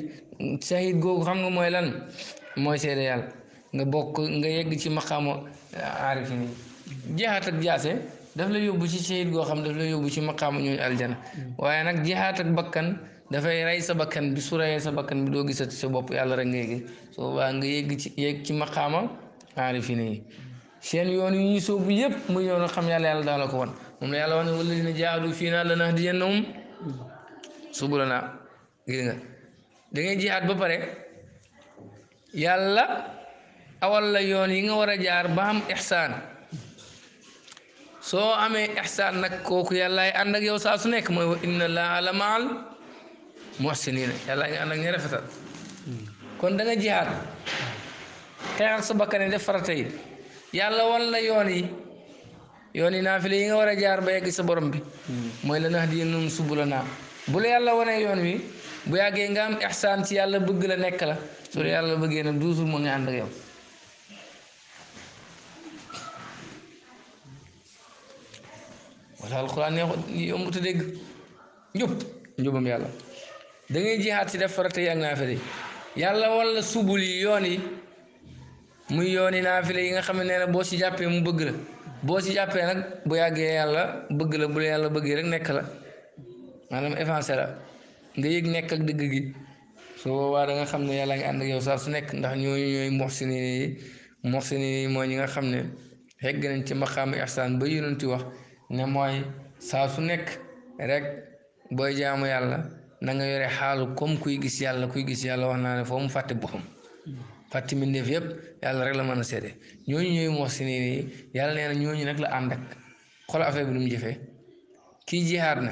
shahid googu xam nga mooy lan mooy seede nga bokk nga yegg ci maqaamu aarifin jaase daf la yóbbu ci shahid goo xam daf la yóbbu ci maqaamu ñu aljana mm. waaye nag jihaat ak bakkan dafay rey sa bakkan bi su reyee sa bakkan bi doo gisati sa bopp yàlla rek ngay gis soo boobaa nga yegg ci yegg ci maqaama aarifine yi seen yoon yu ñuy sóobu yëpp muy xam yàlla yàlla daa la ko wan moom la yàlla wax ne walladina jaadu fii nga ba pare yàlla awal la yoon yi nga war a jaar ba am ixsaan soo amee ixsaan nag kooku yàllaay ànd ak yow saa su nekk mooy wa inna laa ala muhsinin yalla nga ànd ak ñu rafetal kon da nga jihaat xeexal sa bakkan def farata yi yalla wan la yoon yi yoon yi nga wara jaar ba yegg sa borom bi moy la nax di num subulana bu la yoni, wanee yoon wi bu yagge nga am ihsan ci yalla bëgg la nek la su yalla bëgge bëggee duusul nga and ak yow wala alquran neexut yombut tudeg njub da ngay jihaat si def farata yi ak naafile yàlla wala subul yi yoon yi muy yoon yi naafile yi nga xam ne nee boo si jàppee mu bëgg la boo si jàppee nag bu yàggee yàlla bëgg la bu la bëggee rek nekk la maanaam évancé la nga yëg nekk ak dëgg gi su boobaa da nga xam ne yàlla ngi ànd ak yow saa su nekk ndax ñooñu ñooy moxsini yi moxsini mooy ñi nga xam ne xegg nañ ci maqaamu ihsaan ba yonent wax ne mooy saa su nekk rek booy jaamu yàlla. na nga yore xaalu comme kuy gis yàlla kuy gis yàlla wax naa ne foo mu fàtte boppam fàtte mbindeef yëpp yàlla rek la mën a seede ñooñu ñooy mox si nii nii yàlla nee na ñooñu nag la ànd ak xool affaire bi nu mu jefe kii jihaad na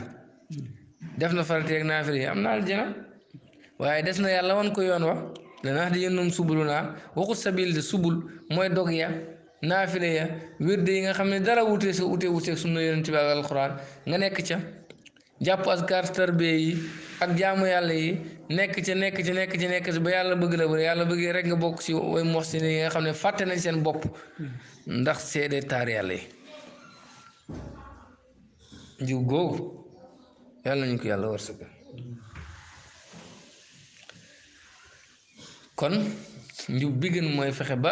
def na farati ak naafila yi am na aljana waaye des na yàlla wan ko yoon wa danaa di yónnoom subulu naa waxut sabil de subul mooy dog ya yi nga xam ne dara wutee sa wutee wuteeg sunna yonent bi ak alxuraan nga nekk ca jàpp askar tarbiya ak jaamu yàlla yi nekk ci nekk ci nekk ci nekk ba yàlla bëgg la ba yàlla bëgg rek nga bokk ci way mos si nga xam ne fàtte nañ seen bopp ndax seede taar yàlla yi jiw googu yàlla ñu ko yàlla wërsëg kon njub bi gën mooy fexe ba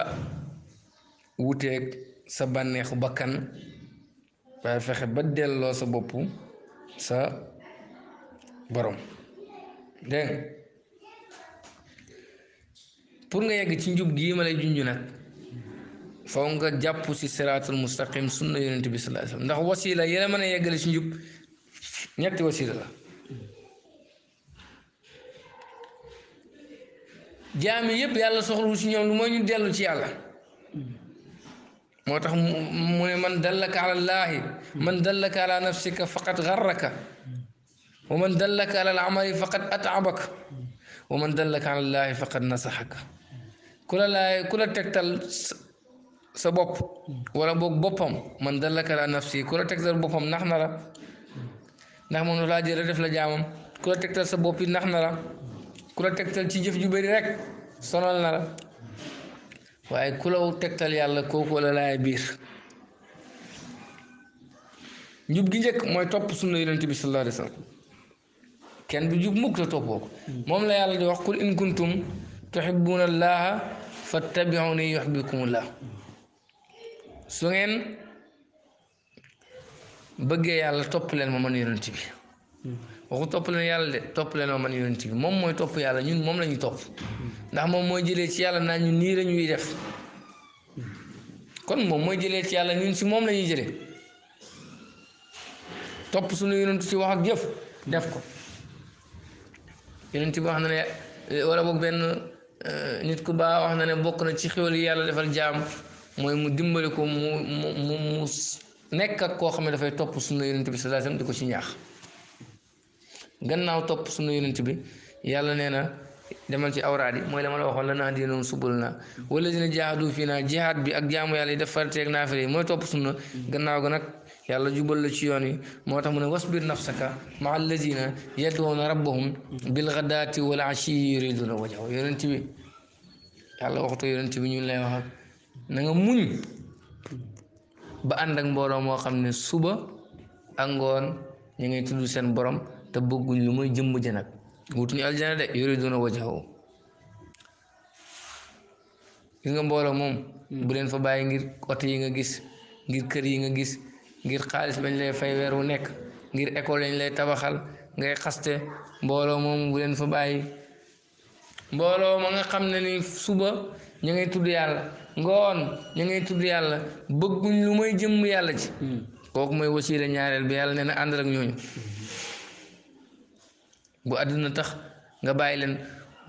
wuteeg sa bànneexu bakkan waaye fexe ba delloo sa bopp sa borom dégg pour nga yegg ci njub gii ma lay junj nag faw nga jàpp si siraatul mustaqim sunna yonent bi sallallahu alayhi wasallam ndax wasila yi la mën a yeggale si njub ñetti wasila la jaami yëpp yàlla soxlu si ñoom lu mooy ñu dellu ci yàlla moo tax mu ne man dallaka ala llaahi man dallaka ala nafsika faqad garraka ومن دلك على العمل فقد أتعبك ومن دلك على الله فقد نصحك كل لا كل تكتل سبب ولا بوك بوبم من دلك على نفسي كل تكتل بوبم نحن را نحن نراجع رجف لجامم كل تكتل سبب نحن را كل تكتل تجف جبري رك سنال نرا واي كل تكتل يا الله كوك ولا لا يبير نجيب جيك ما يتوب سنة يلنتي بسلا رسالة كان بيجيب مكتة فوق مم لا يالله جواح قل إن كنتم تحبون الله فاتبعوني يحبكم الله سوين بقى يالله توب لين ممن يرنتي بي وخو توب لين يالله توب لين ممن يرنتي بي مم موي توب يالله نين مم لن يتوب ده مم موي جيلي سيالة نان ني نيرا نيو يدف كون مم موي جيلي سيالة نين سي مم لن يجري توب سنو يرنتي سي واحد يف دفكو yonent bi wax na ne eh, wala boog benn eh, nit ku baax wax na ne bokk na ci xéwal yi yàlla defal jaam mooy mu dimbali ko mu mu mu mu nekk ak koo xam ne dafay topp sunna yonent bi sallallahu alayhi wasallam di ko ci ñaax gannaaw topp sunna yonent bi yàlla nee na demal ci awraad yi mooy la ma la waxoon la naa di noonu subul naa wala dina jaahadu fii naa jihaad bi ak jaamu yàlla yi def farteeg naafile yi mooy topp sunna gannaaw ga nag yalla ya jubal la ci yoon yi moo tax ne wasbir nafsaka ma alladina yaduuna rabbahum ghadati wal ashi yuriduna wajahu yonent bi yalla waxtu yonent bi ñu lay wax na nga muñ ba and ak mbooloo mo xamne suba ak ngoon ñi ngay tuddu seen borom te bëgguñ lu muy jëm ja nag wutuñu aljana de yuriduna wajahu gis nga mbooloo mom bu len fa bàyyi ngir oto yi nga gis ngir kër yi nga gis ngir xaalis bañ lay fay weer wu nekk ngir école lañ lay tabaxal ngay xaste mbooloo moom bu leen fa bàyyi mbooloo ma nga xam ne ni suba ñu ngay tudd yàlla ngoon ñu ngay tudd yàlla bëgguñ lu may jëmm yàlla ci hmm. kooku mooy wasiila ñaareel bi yàlla nee na àndal ak ñooñu bu àdduna tax nga bàyyi leen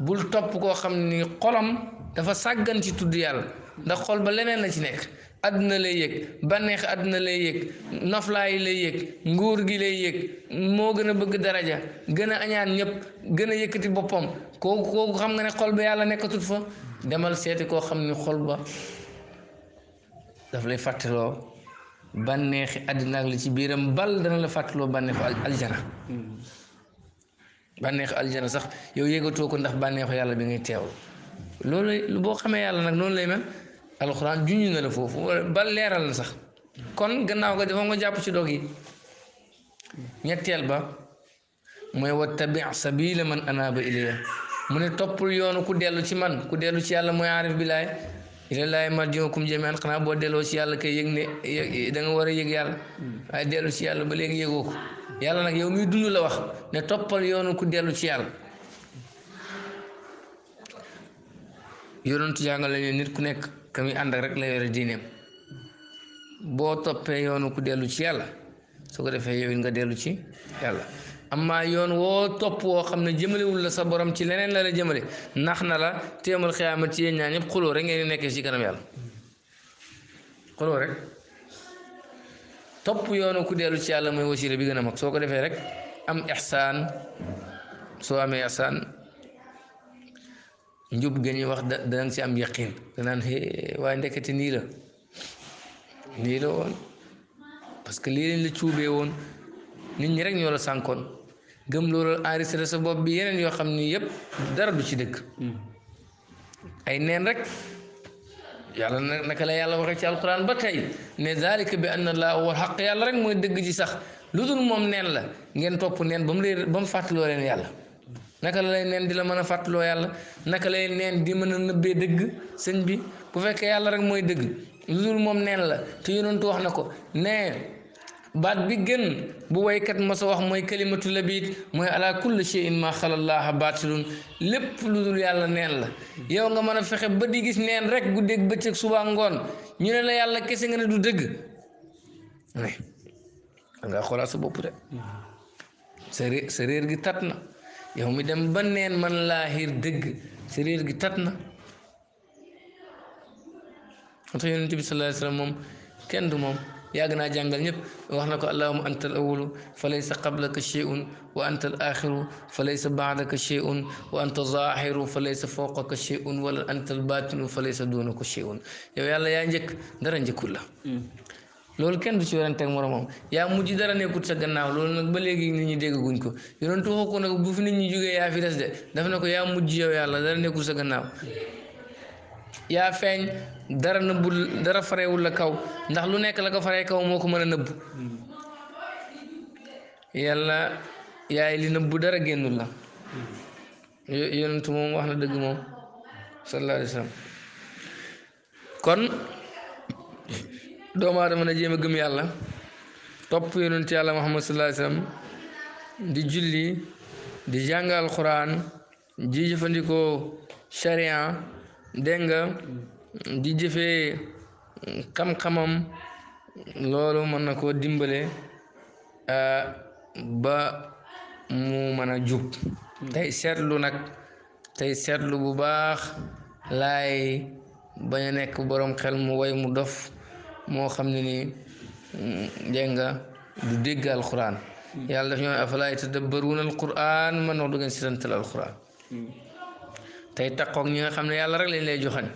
bul topp koo xam ne ni xolom dafa sàggan ci tudd yàlla ndax xol ba leneen la ci nekk àdduna lay yëg bànneex àdduna lay yëg noflaay lay yëg nguur gi lay yéeg moo gën a bëgg daraja gën a añaan ñëpp gën a yëkkati boppam kooku kooku xam nga ne xol ba yàlla nekkatut fa demal seeti koo xam ni xol ba daf lay fàttaloo bànneexi àddina ak li ci biiram bal dana la fàttaloo bànneexu aljana bànneexu aljana sax yow yëgatoo ko ndax bànneexu yàlla bi ngay teewlu loolu boo xamee yàlla nag noonu lay mel alquran juñu na la fofu ba leral la sax kon gannaaw ga dafa nga japp ci dogi. ñettel ba moy wa tabi sabila man anaba ilayya mune topul yonu yoonu ku kudialu ci man ku delu ci moy arif aarif ila ilallaahi marjiukum jamian xanaa bo delo ci yalla kay yegne da nga wara yeg yalla ay delu ci yalla ba leg yegoko yalla nak yow mi dundu la wax ne topal yoonu ku delu ci yoonu tu jangal ne nit ku nek ka muy ànd ak rek la yore diineem boo toppee yoonu ku dellu ci yàlla su ko defee yow nga dellu ci yàlla amma yoon woo topp woo xam ne jëmalewul la sa borom ci leneen la la jëmale nax na la téemal xiyaamat ci yéen ñaa ñëpp xuloo rek ngeen ci kanam yàlla xuloo topp yoonu ku dellu ci yàlla mooy wasila bi gën a mag soo ko defee rek am ixsaan soo amee ixsaan njub ga ñuy wax danañ si am yaqin danaan waaye ndekete nii la nii la woon parce que lii lañ la cuubee woon nit ñi rek ñoo la sànkoon gëm loola enregistré sa bopp bi yeneen yoo xam ni yëpp dara du ci dëkk ay neen rek yàlla naka la yàlla waxee ci alquran ba tey ne zalika bi an laa wa alxaq yàlla rek mooy dëgg ji sax lu dul moom neen la ngeen topp neen ba mu leen ba mu fàttaloo leen yàlla naka la lay neen di la mën a fàttaloo yàlla naka lay neen di mën a nëbbee dëgg sëñ bi bu fekkee yàlla rek mooy dëgg lu dul moom neen la te yonentu wax na ko nee baat bi gën bu waykat ma sa wax mooy la labiit mooy ala kulli shay'in ma xalallaaha baatilun lépp lu dul yàlla neen la yow nga mën a fexe ba di gis neen rek guddeeg bëccëg subaa ngoon ñu ne la yàlla kese nga ne du dëgg nga xoolaat sa bopp de sa réer gi tat na يوم دم بنين من لا هير دق سرير قتتنا أتوني النبي صلى الله عليه وسلم كن دمهم يا جنا جنجل نب وحناك اللهم أنت الأول فليس قبلك شيء وأنت الآخر فليس بعدك شيء وأنت الظاهر فليس فوقك شيء ولا أنت الباطن فليس دونك شيء يا الله يانجك درنج كله loolu kenn du ci werante ak yaa mujj dara nekkut sa gannaaw loolu nag ba léegi nit ñi déggaguñ ko yonentu waxu ko nag bu fi nit ñi jógee des de dafa ne ko yaa mujj yow yàlla dara nekkut sa gannaaw yaafeeñ feeñ dara nëbbul farewul la kaw ndax lu nekk la ko faree kaw moo ko mën a nëbb yàlla yaay li nëbbu dara génnul la yonentu moom wax na dëgg moom sallallahu kon doomu aadama na jéem a gëm yàlla topp yonent yàlla muhammad sallallahu alayhi wasallam di julli di jàng alquran di jëfandikoo sharia dégg nga di jëfee xam-xamam loolu mën na koo dimbale ah, ba mu mën a jub tey seetlu nag tey seetlu bu baax laay bañ a nekk boroom xel mu way mu dof moo xam ne nii mm, dégg nga du dégg alquran yàlla daf ñoo afalaa yatadabbaruuna alquran man wax du ngeen sitantal alquran tey taqoog ñi nga xam ne yàlla rek lañ lay joxañ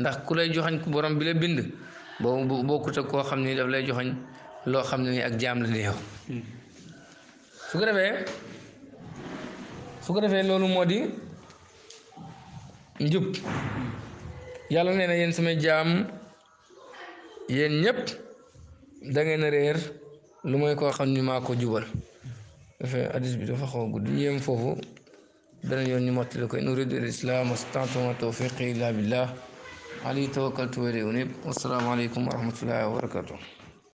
ndax ku lay joxañ ku borom bi la bind boobu bokkut ak koo xam ne daf lay joxañ loo xam ne nii ak jaam la su ko defee su ko defee loolu moo di njub yàlla nee na yéen samay jaam yéen ñëpp da ngeen a lu mooy koo xam ni maa ko jubal dafa hadis bi dafa xaw a gudd foofu beneen yoon ñu mottali ko in uridu al islam astantu ma tawfiqi illa billah alayhi tawakkaltu wa ilayhi unib wa rahmatullahi